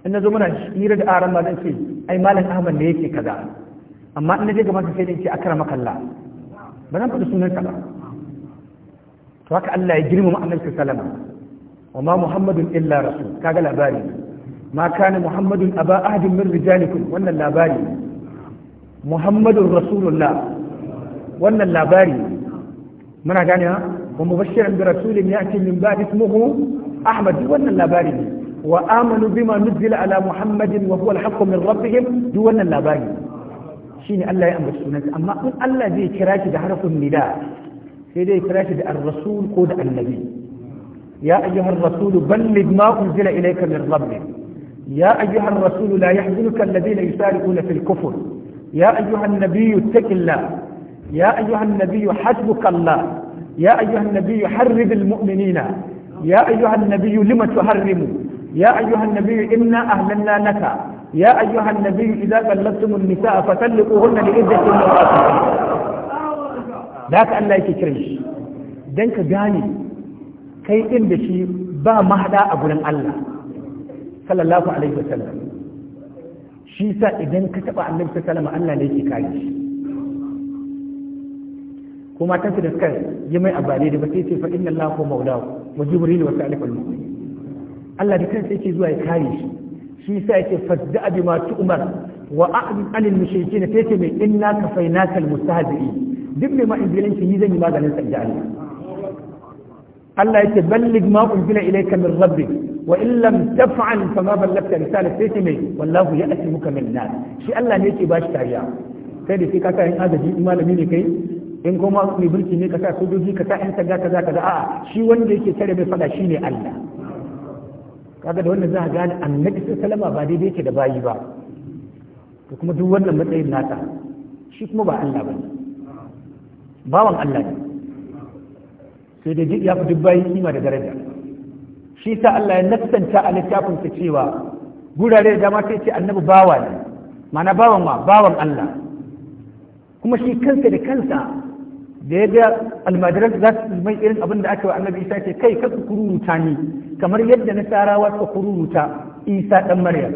in na zo muna hira da aran ma zan ce ai malam Ahmad ne yake kaza amma in na je gaban sai dai ce akramaka Allah ba zan faɗi sunan ka ba to haka Allah ya girmama annabi sallama wa ma Muhammadun illa rasul kaga labari ma kana muhammadun aba ahadin min rijalikum wannan labari muhammadun rasulullah wannan labari muna gane ha wa mubashiran bi rasulin ya'ti min ba'di ismuhu ahmad wannan labari wa amanu bima nuzila ala muhammadin wa huwa al-haqqu min rabbihim duk wannan Allah ya ambaci sunansa amma in Allah zai kira ki da harfin nida sai dai kira ki da ar ko da annabi ya ayyuhar rasul balligh ma unzila ilayka يا أيها الرسول لا يحزنك الذين يسارعون في الكفر يا أيها النبي اتق الله يا أيها النبي حسبك الله يا أيها النبي حرب المؤمنين يا أيها النبي لم تحرم يا أيها النبي إنا أهلنا لك يا أيها النبي إذا بلغتم النساء فطلقوهن لعدة المرأة ذاك أن لا dan دنك جاني كي إن بشي با مهدا mahada الله sallallahu alaihi wasallam shi sa idan ka taba annabi sallallahu alaihi wasallam Allah ne yake kare shi ko matan da suka yi mai abale da ba sai ce fa inna Allah ko maulahu wa jibril wa salihul mu'minin Allah da kansa yake zuwa ya kare shi shi sa yake fasda bima tu'mar wa a'rid anil mushrikin sai ce mai inna kafainaka almustahzi'in duk mai ma'injilanci ni zan yi maganin sa da Allah Allah yake ballig ma unzila ilayka min rabbik wa in lam taf'al fa ma ballagta risalat sai ce mai ya ya'ti muka min nar shi Allah ne yake ba shi kariya kai da sai ka sa in agaji in malami ne kai in kuma mai mulki ne ka sojoji ka sa sanda kaza kaza a'a shi wanda yake tare mai fada shine Allah kaga da wannan za a gane annabi sallama ba daidai yake da bayi ba to kuma duk wannan matsayin nata shi kuma ba Allah bawan Allah ne sai ya fi duk bayi kima da daraja shi sa Allah ya nassanta a littafin sa cewa gurare da dama sai ce annabi bawa ne mana bawan ma, bawan Allah kuma shi kansa da kansa da ya ga almajiran za su mai irin abin da aka wa annabi isa ce kai ka kururuta ni kamar yadda na nasarawa suka kururuta isa dan maryam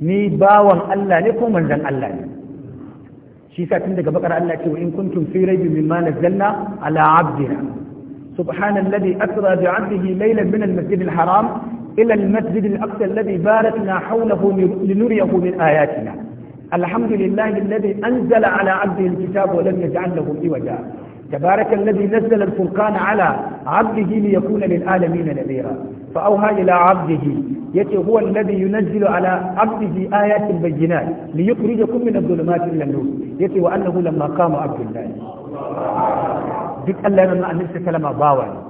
ni bawan Allah ne ko manzon Allah ne shi sa tun daga bakar Allah ce wa in kuntum fi raibin mimma nazzalna ala abdina سبحان الذي أسرى بعبده ليلا من المسجد الحرام إلى المسجد الأقصى الذي باركنا حوله لنريه من آياتنا الحمد لله الذي أنزل على عبده الكتاب ولم يجعل له عوجا تبارك الذي نزل الفرقان على عبده ليكون للعالمين نذيرا فأوهى إلى عبده يتي هو الذي ينزل على عبده آيات بينات ليخرجكم من الظلمات إلى النور يتي وأنه لما قام عبد الله duk Allah yana nuna annabi sallama bawa ne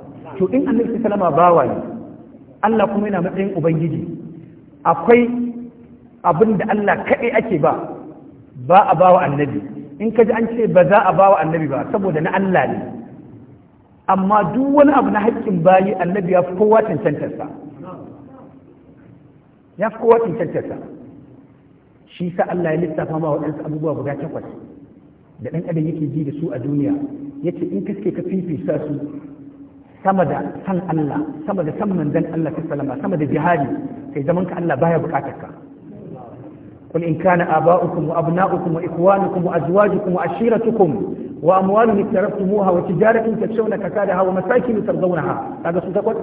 to in annabi sallama bawa ne Allah kuma yana matsayin ubangiji akwai abin da Allah kaɗai ake ba ba a bawa annabi in ka ji an ce ba za a bawa annabi ba saboda na Allah ne amma duk wani abu na haƙƙin bayi annabi ya fi kowa cancantarsa ya fi kowa cancantarsa shi sa Allah ya lissafa ma waɗansu abubuwa guda takwas da ɗan adam yake ji da su a duniya yace in kake ka fifita su sama da san Allah sama da san manzon Allah sallama sama da jihadi sai zaman ka Allah baya bukatar ka kul in kana aba'ukum wa abna'ukum wa ikwanukum wa azwajukum wa ashiratukum wa amwalun tarabtumuha wa tijaratin tashawna kakadaha wa masakin tarzawnaha kaga su takwat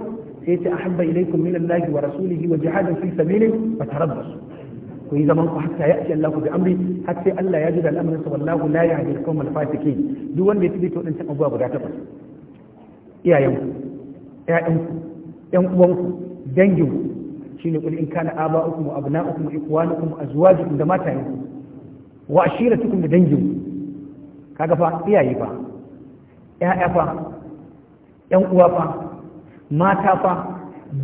sai ta ahabba ilaykum min Allah wa rasulihi wa jihadin fi sabilihi fa tarabbasu ku yi zaman ku hatta ya Allah ku bi amri har sai Allah ya jira da al'amarin sa wallahu la yahdi al-qawmal fasikin duk wanda ya tabi to din abubuwa guda takwas iyayen ku ƴaƴan ku ƴan uwan ku dangin ku shine kul in kana aba'ukum wa abna'ukum wa ikwanukum wa azwajukum da matayen ku wa ashiratukum da dangin ku kaga fa iyaye fa Ya'ya fa ƴan uwa fa mata fa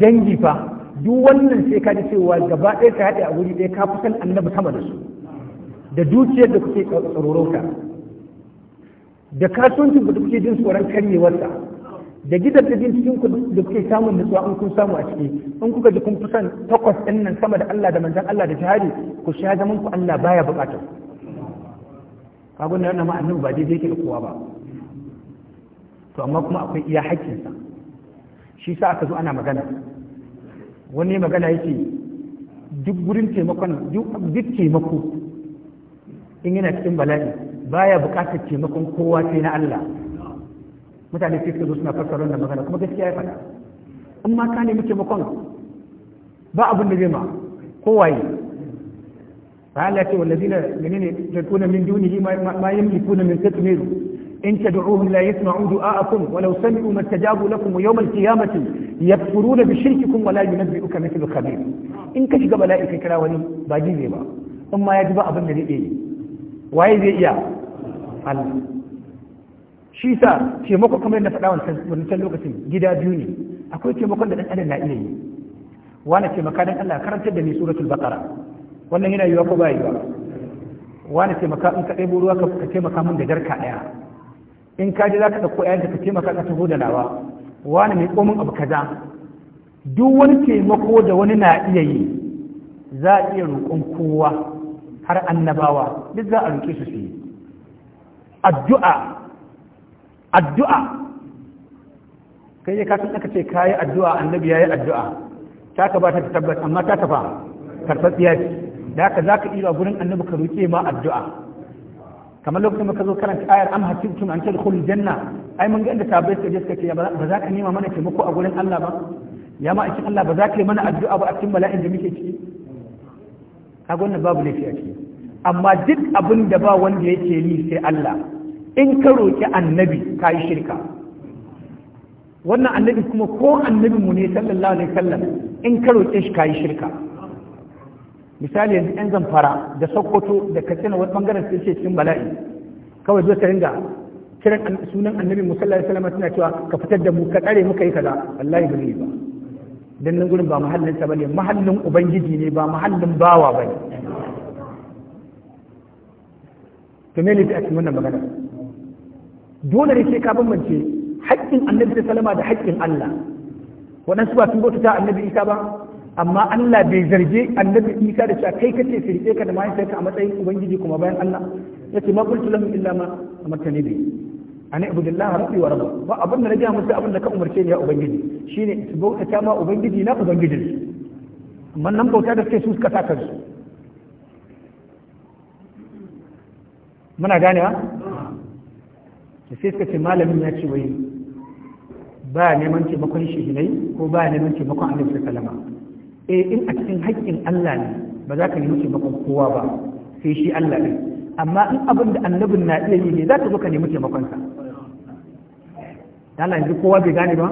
dangi fa duk wannan sai ka ji cewa gaba ɗaya ka haɗe a wuri ɗaya ka fi annabi sama da su da dukiyar da kuke tsarorauta da kasuwancin da kuke jin tsoron karyewarsa da gidan da jin cikin da kuke samun nutsuwa in kun samu a ciki in kuka ji kun kusan takwas ɗin nan sama da Allah da manzon Allah da jihadi ku sha zaman ku Allah baya bukata ka gwanna yana ma annabi ba daidai ke da kowa ba to amma kuma akwai iya haƙƙinsa shi sa aka zo ana magana wani magana yake duk gurin taimakon duk taimako in yana cikin bala'i baya buƙatar taimakon kowa sai na Allah mutane sai suka zo suna fassara wannan magana kuma gaskiya ya faɗa in ma ka nemi taimakon ba abin da zai ma kowaye ba Allah ya ce wallazina menene tuna min duni, ma yamlikuna min katmiru إن تدعوهم لا يسمعوا دعاءكم ولو سمعوا ما استجابوا لكم يوم القيامة يكفرون بشرككم ولا ينبئك مثل خبير إن كشك بلائك كراوني باجي زي با أما يجب أبن ذي إيه زي إياه الله shi sa taimako kamar yadda faɗa wancan lokacin gida biyu ne akwai taimakon da ɗan na iya yi wani taimaka dan Allah karantar da ni suratul baqara wannan yana yiwa ko ba yiwa wani taimaka in ruwa ka taimaka min da jarka ɗaya in ka je za ka ɗauko ‘ya'yanka ka taimaka ka taho da nawa wani mai komin abu kaza duk wani taimako da wani na iya yi za a iya roƙon kowa har annabawa duk za a roƙe su su yi addu'a addu'a kai ya kasan aka ce kayi addu'a annabi ya yi addu'a ta ka ba ta tabbata amma ta tafa karfafiya ce da haka za ka iya gurin annabi ka roƙe ma addu'a kamar lokacin da ka zo karanta ayar am hasibtum an tadkhul janna ai mun ga inda tabbai suka je suka ce ba za ka nema mana taimako a gurin Allah ba ya ma akin Allah ba za ka yi mana addu'a ba a cikin bala'in da muke ciki ga wannan babu laifi a ciki amma duk abin da ba wanda yake yi sai Allah in ka roki annabi ka yi shirka wannan annabi kuma ko annabi mu ne sallallahu alaihi wasallam in ka roke shi ka yi shirka misali yanzu yan zamfara da sokoto da katsina wani bangaren sai ce cikin bala'i kawai zai ta ringa kiran sunan annabi musalla da salama suna cewa ka fitar da mu ka tsare muka yi kaza wallahi ba ba dan nan gurin ba mahallin sa bane mahallin ubangiji ne ba mahallin bawa bane to me ne a cikin wannan magana dole ne sai ka bambance haƙƙin annabi da salama da haƙƙin Allah waɗansu ba sun bauta ta annabi isa ba amma Allah bai zarge annabi Isa da cewa kai kace ka rike ka da ka a matsayin ubangiji kuma bayan Allah yace ma qultu lahum illa ma amartani bi ani ibudillahi rabbi wa rabbi ba abin da na ga musu abin da ka umarce ni ya ubangiji shine su bauta ma ubangiji na ubangiji amma nan bauta da suke su suka sa kansu muna gane wa sai suka ce malamin ya ce wai ba neman taimakon shi ko ba neman taimakon annabi sallallahu alaihi wasallam eh in a cikin haƙƙin Allah ne ba za ka yi wuce makon kowa ba sai shi Allah ne amma in abin da annabin na iya yi ne za ka zo ka nemi taimakonsa Allah yanzu kowa bai gane ba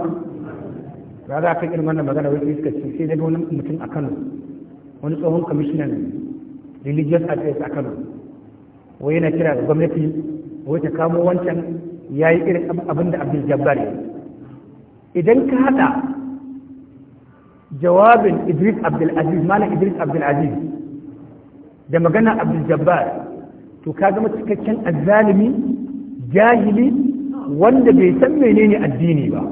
ba za ka irin wannan magana wani iska ce sai daga wani mutum a Kano wani tsohon commissioner religious affairs a Kano wai yana kira ga gwamnati wai ta kamo wancan ya yi irin abin da Abdul Jabbar idan ka haɗa jawabin idris abdulaziz malam idris abdulaziz da magana abdul-jabbar to ka zama cikakken azalimi, jahili wanda bai san menene addini ba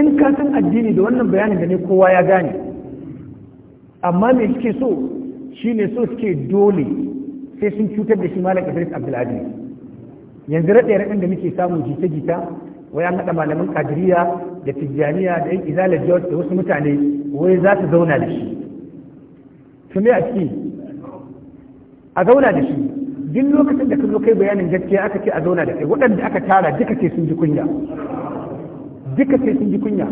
in ka san addini da wannan bayanin da ne kowa ya gane amma me suke so shine so suke dole sai sun cutar da shi malam idris abdulaziz yanzu raɗe raɗin da muke samun jita-jita wai an haɗa malaman kadiriya da tijjaniya da yan izala george da wasu mutane wai za su zauna da shi su me a ciki a zauna da shi duk lokacin da ka zo kai bayanin gaskiya aka ce a zauna da kai waɗanda aka tara duka ce sun ji kunya duka sai sun ji kunya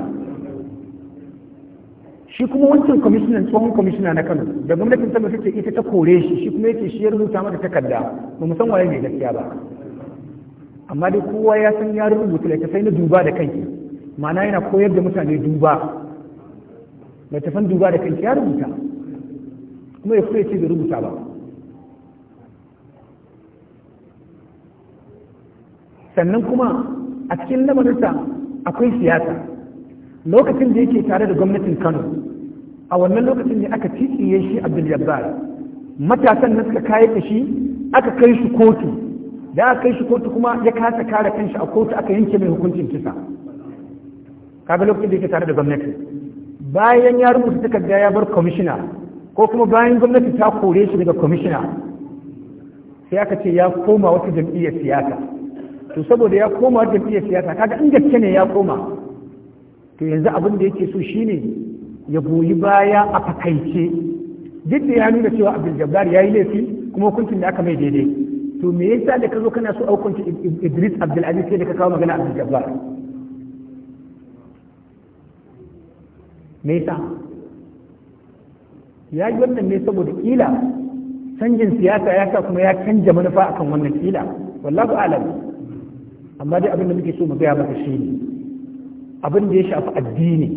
shi kuma wancan kwamishinan tsohon kwamishina na kano da gwamnatin sama take ita ta kore shi shi kuma yake shi ya rubuta mata takarda ba mu san waye mai gaskiya ba amma dai kowa ya san ya rubuta ta sai na duba da kanki ma'ana yana koyar da mutane duba littafan duba da kanki ya rubuta kuma ya fiye ce bai rubuta ba sannan kuma a cikin lamarinsa akwai siyasa lokacin da yake tare da gwamnatin kano a wannan lokacin ne aka titiye shi abdul jabbar matasan na suka kayi da shi aka kai shi kotu da aka kai shi kotu kuma ya kasa kare kanshi a kotu aka yanke mai hukuncin kisa kaga lokacin da yake tare da gwamnati bayan ya rubuta takarda ya bar kwamishina ko kuma bayan gwamnati ta kore shi daga kwamishina sai aka ce ya koma wata jam'iyyar siyasa to saboda ya koma wata jam'iyyar siyasa kaga in gaske ne ya koma to yanzu abin da yake so shine ya goyi baya a fakaice duk da ya nuna cewa abdul jabbar ya yi laifi kuma hukuncin da aka mai daidai to me yasa da ka zo kana so a hukuncin idris abdul aziz sai da ka kawo magana abdul jabbar me ya yi wannan ne saboda kila canjin siyasa ya sa kuma ya canja manufa akan wannan kila wallahu alam amma dai abin da muke so mu gaya maka shi ne abin da ya shafi addini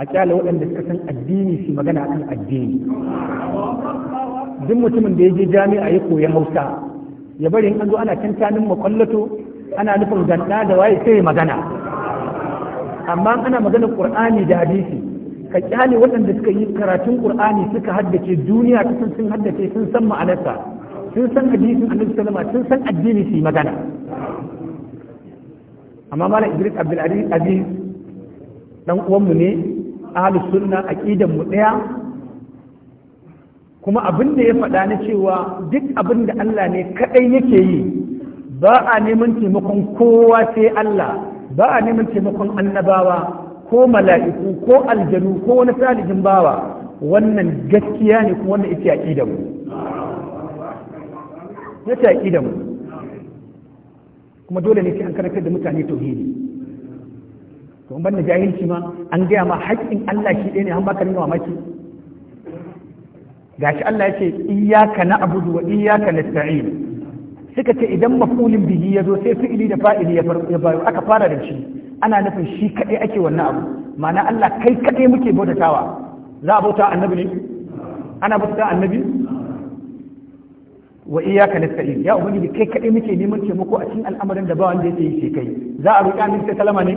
a kyala waɗanda suka san addini su magana akan addini duk mutumin da ya je jami'a ya koyi hausa ya bari in an zo ana cancanin makwallato ana nufin ganɗa da waye sai magana amma ana maganar qur'ani da hadisi ka kyale waɗanda suka yi karatun qur'ani suka haddace duniya ta sun sun haddace sun san ma'anarsa sun san hadisin annabi sallama sun san addini su magana amma malam idris abdul aziz dan uwanmu ne ahlus sunna aqidan mu daya kuma abin da ya faɗa na cewa duk abin da Allah ne kaɗai yake yi ba a neman taimakon kowa sai Allah ba a neman taimakon annabawa ko mala'iku ko aljanu ko wani salihin bawa wannan gaskiya ne kuma wannan ita da mu ita da mu kuma dole ne sai an karantar da mutane tauhidi to ban da jahilci ma an gaya ma haƙƙin Allah shi ɗaya ne an baka nuna mamaki gashi Allah yake iyyaka na'budu wa iyyaka nasta'in suka ce idan mafulin bihi ya zo sai fi'ili da fa'ili ya aka fara da shi ana nufin shi kaɗai ake wannan abu ma'ana Allah kai kaɗai muke bautatawa za a bauta annabi ne ana bauta annabi wa iyyaka nasta'in ya ubangiji kai kaɗai muke neman taimako a cikin al'amarin da ba wanda yake yi sai kai za a roƙi annabi sai kalama ne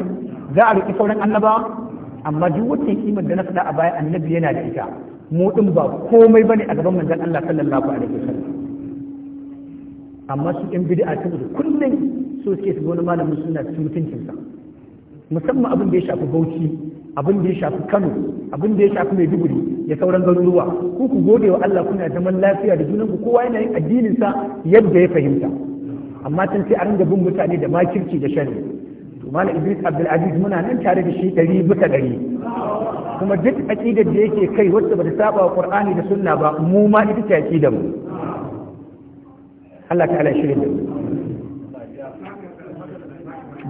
za a roƙi sauran annabawa amma duk wacce kimar da na faɗa a baya annabi yana da ita mu din ba komai bane a gaban manzon Allah sallallahu alaihi wasallam amma su ɗan bid'a ta kullum so suke su gona malamin suna sa musamman abin da ya shafi bauchi abin da ya shafi kano abin da ya shafi maiduguri ya sauran garuruwa ku ku gode wa Allah kuna zaman lafiya da junan ku kowa yana yin addinin sa yadda ya fahimta amma tun sai a ringa bin mutane da makirci da sharri to malam Idris Abdulaziz muna nan tare da shi dari bisa dari kuma duk aqidar da yake kai wacce bata saba wa Qur'ani da Sunna ba mu ma ita ce aqidar mu Allah ta'ala shirin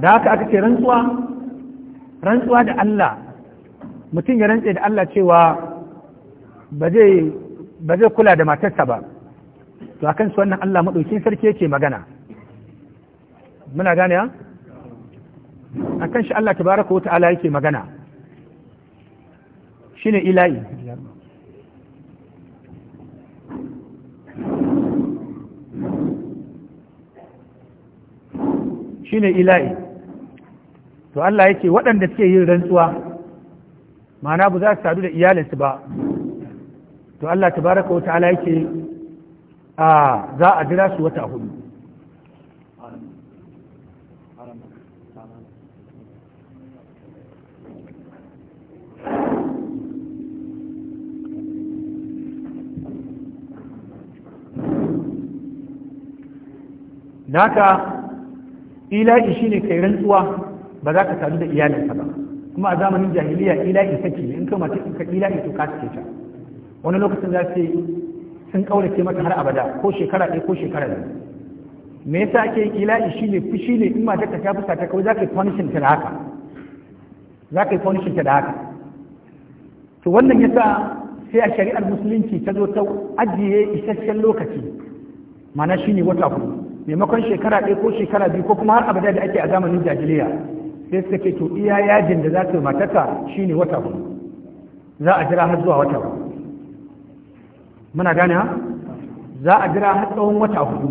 da haka aka ce rantsuwa rantsuwa da Allah mutum ya rantse da Allah cewa ba zai kula da matarsa ba to a kansu wannan Allah maɗaukin sarki yake magana muna gane ya a kan shi Allah tabaraka wa ta'ala yake magana shine ila'i ne ila'i to Allah ya ce waɗanda suke yin rantsuwa ma'ana ba za su sadu da iyalinsu ba to Allah tabaraka wa ta'ala yake a za a jira su wata hudu naka shi ne kai rantsuwa ba za ka sadu da iyalinsa ba kuma a zamanin jahiliya ila'i take in ka mace in ka ila'i to ka take ta wani lokacin za su sun kaurace mata har abada ko shekara ɗaya ko shekara biyu me yasa ake yin ila'i shine fushi ne in matar ka ta fuska ta kawai za ka yi punishing ta da haka za ka yi punishing ta da haka to wannan yasa sai a shari'ar musulunci ta zo ta ajiye isasshen lokaci mana shine wata hudu maimakon shekara ɗaya ko shekara biyu ko kuma har abada da ake a zamanin jahiliya sai suka ce to iya yajin da za su yi shi shine wata hudu za a jira har zuwa wata hudu muna gane ha za a jira har tsawon wata hudu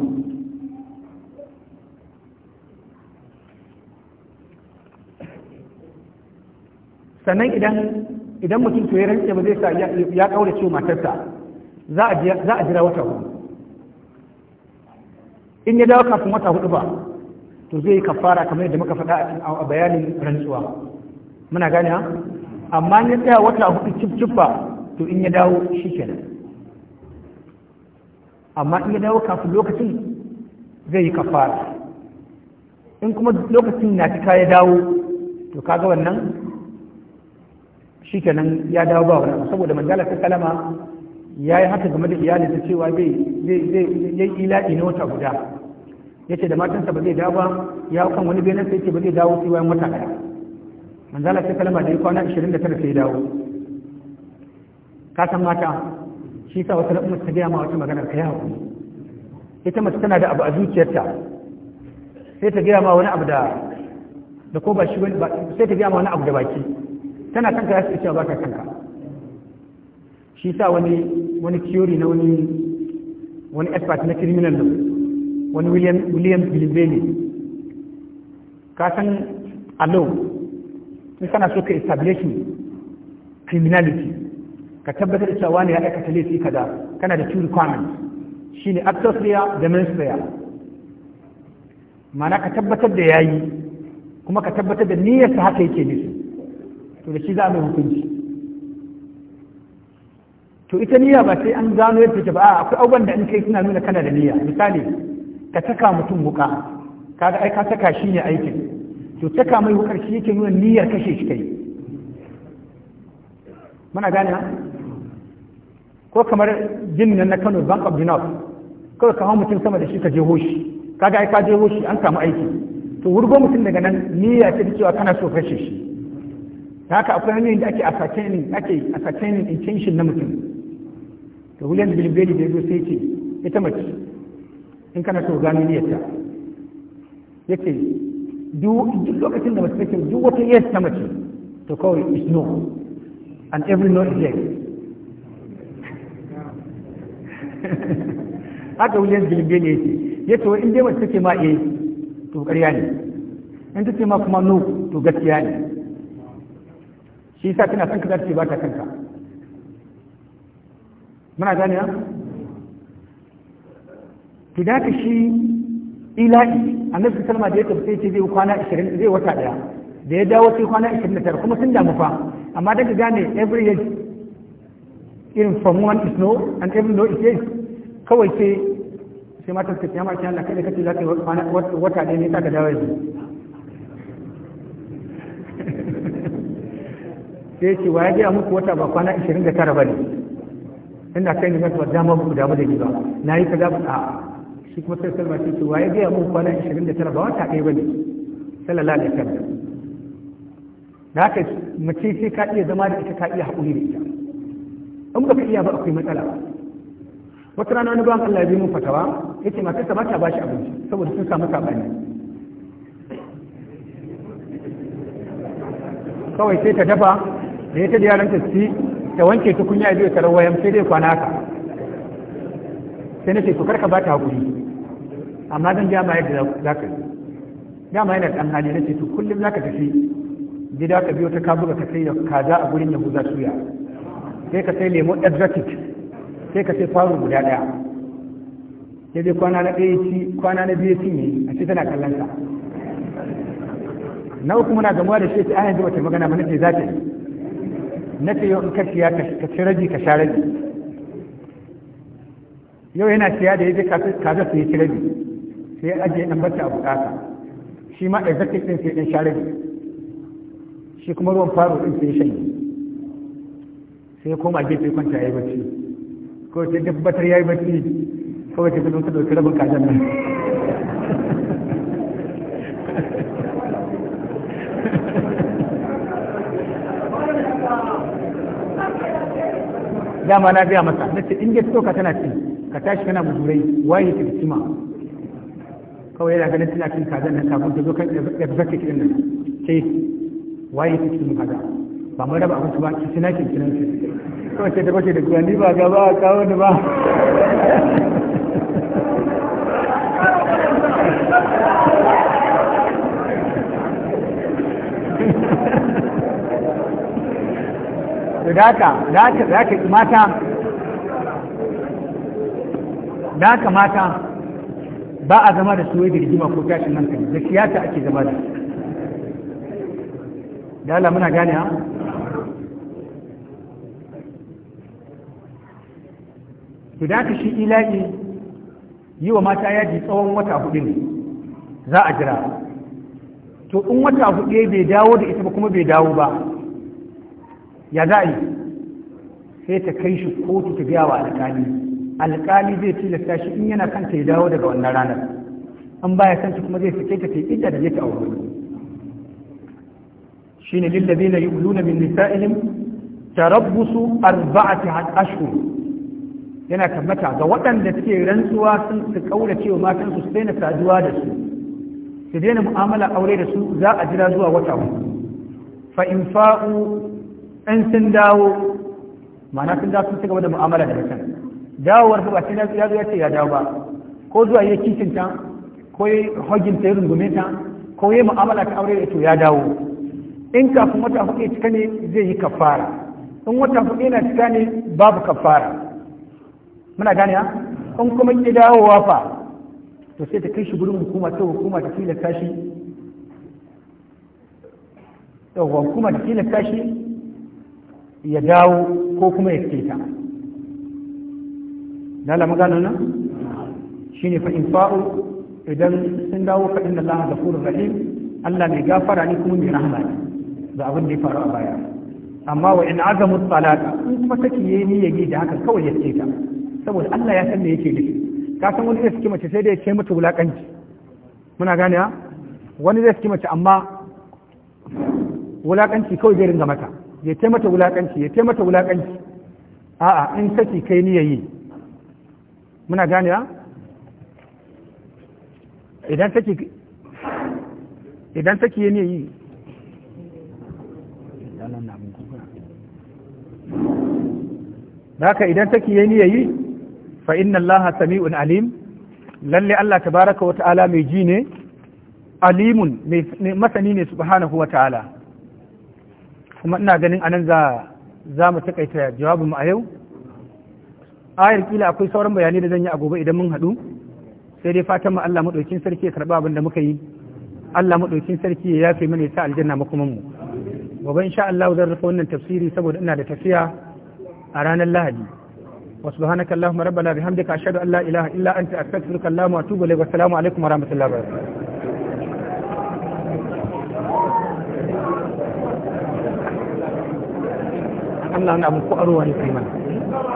sannan idan idan mutum to ya rantse ba zai sa ya kaura ce matarsa za a jira wata hudu in ya dawo kafin wata hudu ba to zai kafara kamar yadda muka faɗa a bayanin rantsuwa muna gane ha amma ya tsaya wata hudu cif to in ya dawo shi kenan amma in ya dawo kafin lokacin zai yi kafara in kuma lokacin na cika ya dawo to kaga wannan shi kenan ya dawo ba wani saboda manzala ta kalama ya yi haka game da iyalin ta cewa zai yi ila'i na wata guda yace da matansa ba zai dawo ba ya kan wani benin sai yace ba zai dawo sai bayan wata daya manzala sai kalma da kwana 29 sai dawo ka san mata shi sa wata rabu ta gaya ma wata magana ka yawo ita mace tana da abu a zuciyarta sai ta gaya ma wani abu da da ko ba shi wani sai ta gaya ma wani abu da baki tana kanka ya ce cewa ba ka kanka shi sa wani wani theory na wani wani expert na criminal law wani william bilibeli ka san allo in kana so ka establishing criminality ka tabbatar da cewa ne ya aikata laifi kaza kana da two requirements shine actors layer da mens layer mana ka tabbatar da yayi kuma ka tabbatar da niyyarsa haka yake nufi to da shi za mu hukunci to ita niyya ba sai an gano yadda take ba akwai abubuwan da in kai suna nuna kana da niyya misali ka taka mutum wuka kaga ai ka taka shi ne aikin to taka mai wukar shi yake nuna niyyar kashe shi kai muna gane na ko kamar jin nan na Kano Bank of Dinaf kawai ka hau mutum sama da shi ka je hoshi kaga ai ka je hoshi an samu aiki to wurgo mutum daga nan niyya ta cewa kana so kashe shi haka akwai hanyoyin da ake ascertaining ake ascertaining intention na mutum to William Bilbeli da yazo sai ce ita mace in kana so gano niyyarta yace duk lokacin da mace take duk wata yes ta mace to kawai is no and every no is yes haka wuliyar gilbe ne yake yace wa in mace take ma eh to ƙarya ne in take ma kuma no to gaskiya ne shi yasa kana son ka zarce ba ta kanka muna ya. to da ka shi ila'i annabi salma da ya tafi ce zai kwana 20 zai wata daya da ya dawo sai kwana 29 kuma sun damu fa amma daga gane every year irin from one is no and every no is yes kawai sai sai mata suka ce amma Allah kai kace za ka yi wata daya ne ka dawo yanzu sai ce wa ya gaya muku wata ba kwana 29 ba ne ina kai ne zata dama muku damu da ni ba na yi kaza ba a'a shi kuma sai salma ce wa ya gaya mun kwana 29 ba wata ɗaya bane sallallahu alaihi wasallam da haka mace sai ka iya zama da ita ka iya haƙuri da ita in ka iya ba akwai matsala ba wata rana wani bawan Allah ya bi mun fatawa yace matarsa ba ta bashi abinci saboda sun samu sabani kawai sai ta dafa da ita ta yaran ta ci ta wanke tukunya biyu ta rawayan sai dai kwana ka sai na ce to karka ba ta hakuri amma zan ja ma yadda za ka yi dama yana da hali na to kullum za ka tafi gida ka biyo ta kabuga ka sai kaza a gurin yahuza suya sai ka sai lemon exotic sai ka sai faru guda ɗaya ya dai kwana na ɗaya ci kwana na biyu cinye a ce tana kallon sa na uku muna gamuwa da shi ta ayan zuwa magana mana ce za ta yi na ce yau in ka siya ka ci raji ka sha raji yau yana siya da ya je kaza su yi ci raji sai ajiye ɗan bacci a bukata shi ma executive ɗin sai ɗan share shi kuma ruwan faro ɗin sai shan sai koma gefe kwanta ya yi bacci ko sai tabbatar ya yi bacci kawai ta fito ta ɗauki rabin kajan nan dama na biya masa na ce in gaske ka tana ci ka tashi kana muzurai waye ta cima kawai yana ganin suna cin kazan nan kafin ta zo kan ya fi kake kiɗin nan ce waye ta cikin kaza ba mu raba abinci ba ki sina kin kinan kawai sai ta bace da kuwa ni ba gaba ba kawo ni ba da haka da mata da haka mata ba a zama da su da rigima ko tashin hankali da siyasa ake zama da da Allah muna gane ha to da shi ilahi yi wa mata yaji tsawon wata hudu ne za a jira to in wata hudu bai dawo da ita ba kuma bai dawo ba ya za a yi sai ta kai shi kotu ta biya wa alƙali alƙali zai tilasta shi in yana kanta ya dawo daga wannan ranar an baya kanta kuma zai sake ta tafi da zai ta aure shi ne lillabi na yi'uluna min nisa'ihim tarabbusu arba'ati ashhur yana tabbata ga waɗanda suke rantsuwa sun su kaura cewa matan su daina saduwa da su su daina mu'amala aure da su za a jira zuwa wata uku fa in fa'u in sun dawo ma'ana sun da sun ci gaba da mu'amala da mutum dawowar ba sai ya zo ya ce ya dawo ba ko zuwa ya kishin ta ko ya hogin ta rungume ta ko ya mu'amala ta aure da to ya dawo in kafin wata hudu ya cika ne zai yi kafara in wata hudu yana cika ne babu kafara muna gane ya in kuma ki dawowa fa to sai ta kai shi gudun hukuma ta hukuma ta fila tashi ya dawo ko kuma ya ta na lamu gano nan shine fa infa'u idan sun dawo fa inna da ghafurur rahim Allah mai gafara ne kuma mai rahama ne ga abin da ya faru a baya amma wa in azamu salata in kuma take yayi yage da haka kawai ya ce ta saboda Allah ya san me yake nufi ka san wani zai saki mace sai dai ya ce mata wulakanci muna gane wani zai saki mace amma wulaƙanci kawai zai ringa mata ya ce mata wulakanci ya ce mata wulakanci a'a in saki kai ni yayi muna gane ya? idan take idan take ne yi haka idan take yi ne yi fa inna Allah sami'un alim lalle Allah tabaraka wa ta'ala mai ji ne alimun masani ne subhanahu wa ta'ala kuma ina ganin anan za za mu takaita jawabin mu a yau ayar kila akwai sauran bayanai da zan yi a gobe idan mun haɗu sai dai fatan mu Allah madaukin sarki ya karba abin da muka yi Allah madaukin sarki ya yafe mana ya sa aljanna makoman mu gobe insha Allah zan rufe wannan tafsiri saboda ina da tafiya a ranar Lahadi wa subhanaka allahumma rabbana bihamdika ashhadu an la ilaha illa anta astaghfiruka wa atubu ilayk wa assalamu alaikum wa rahmatullahi wa barakatuh Allah na abu ko arowa ne kai mana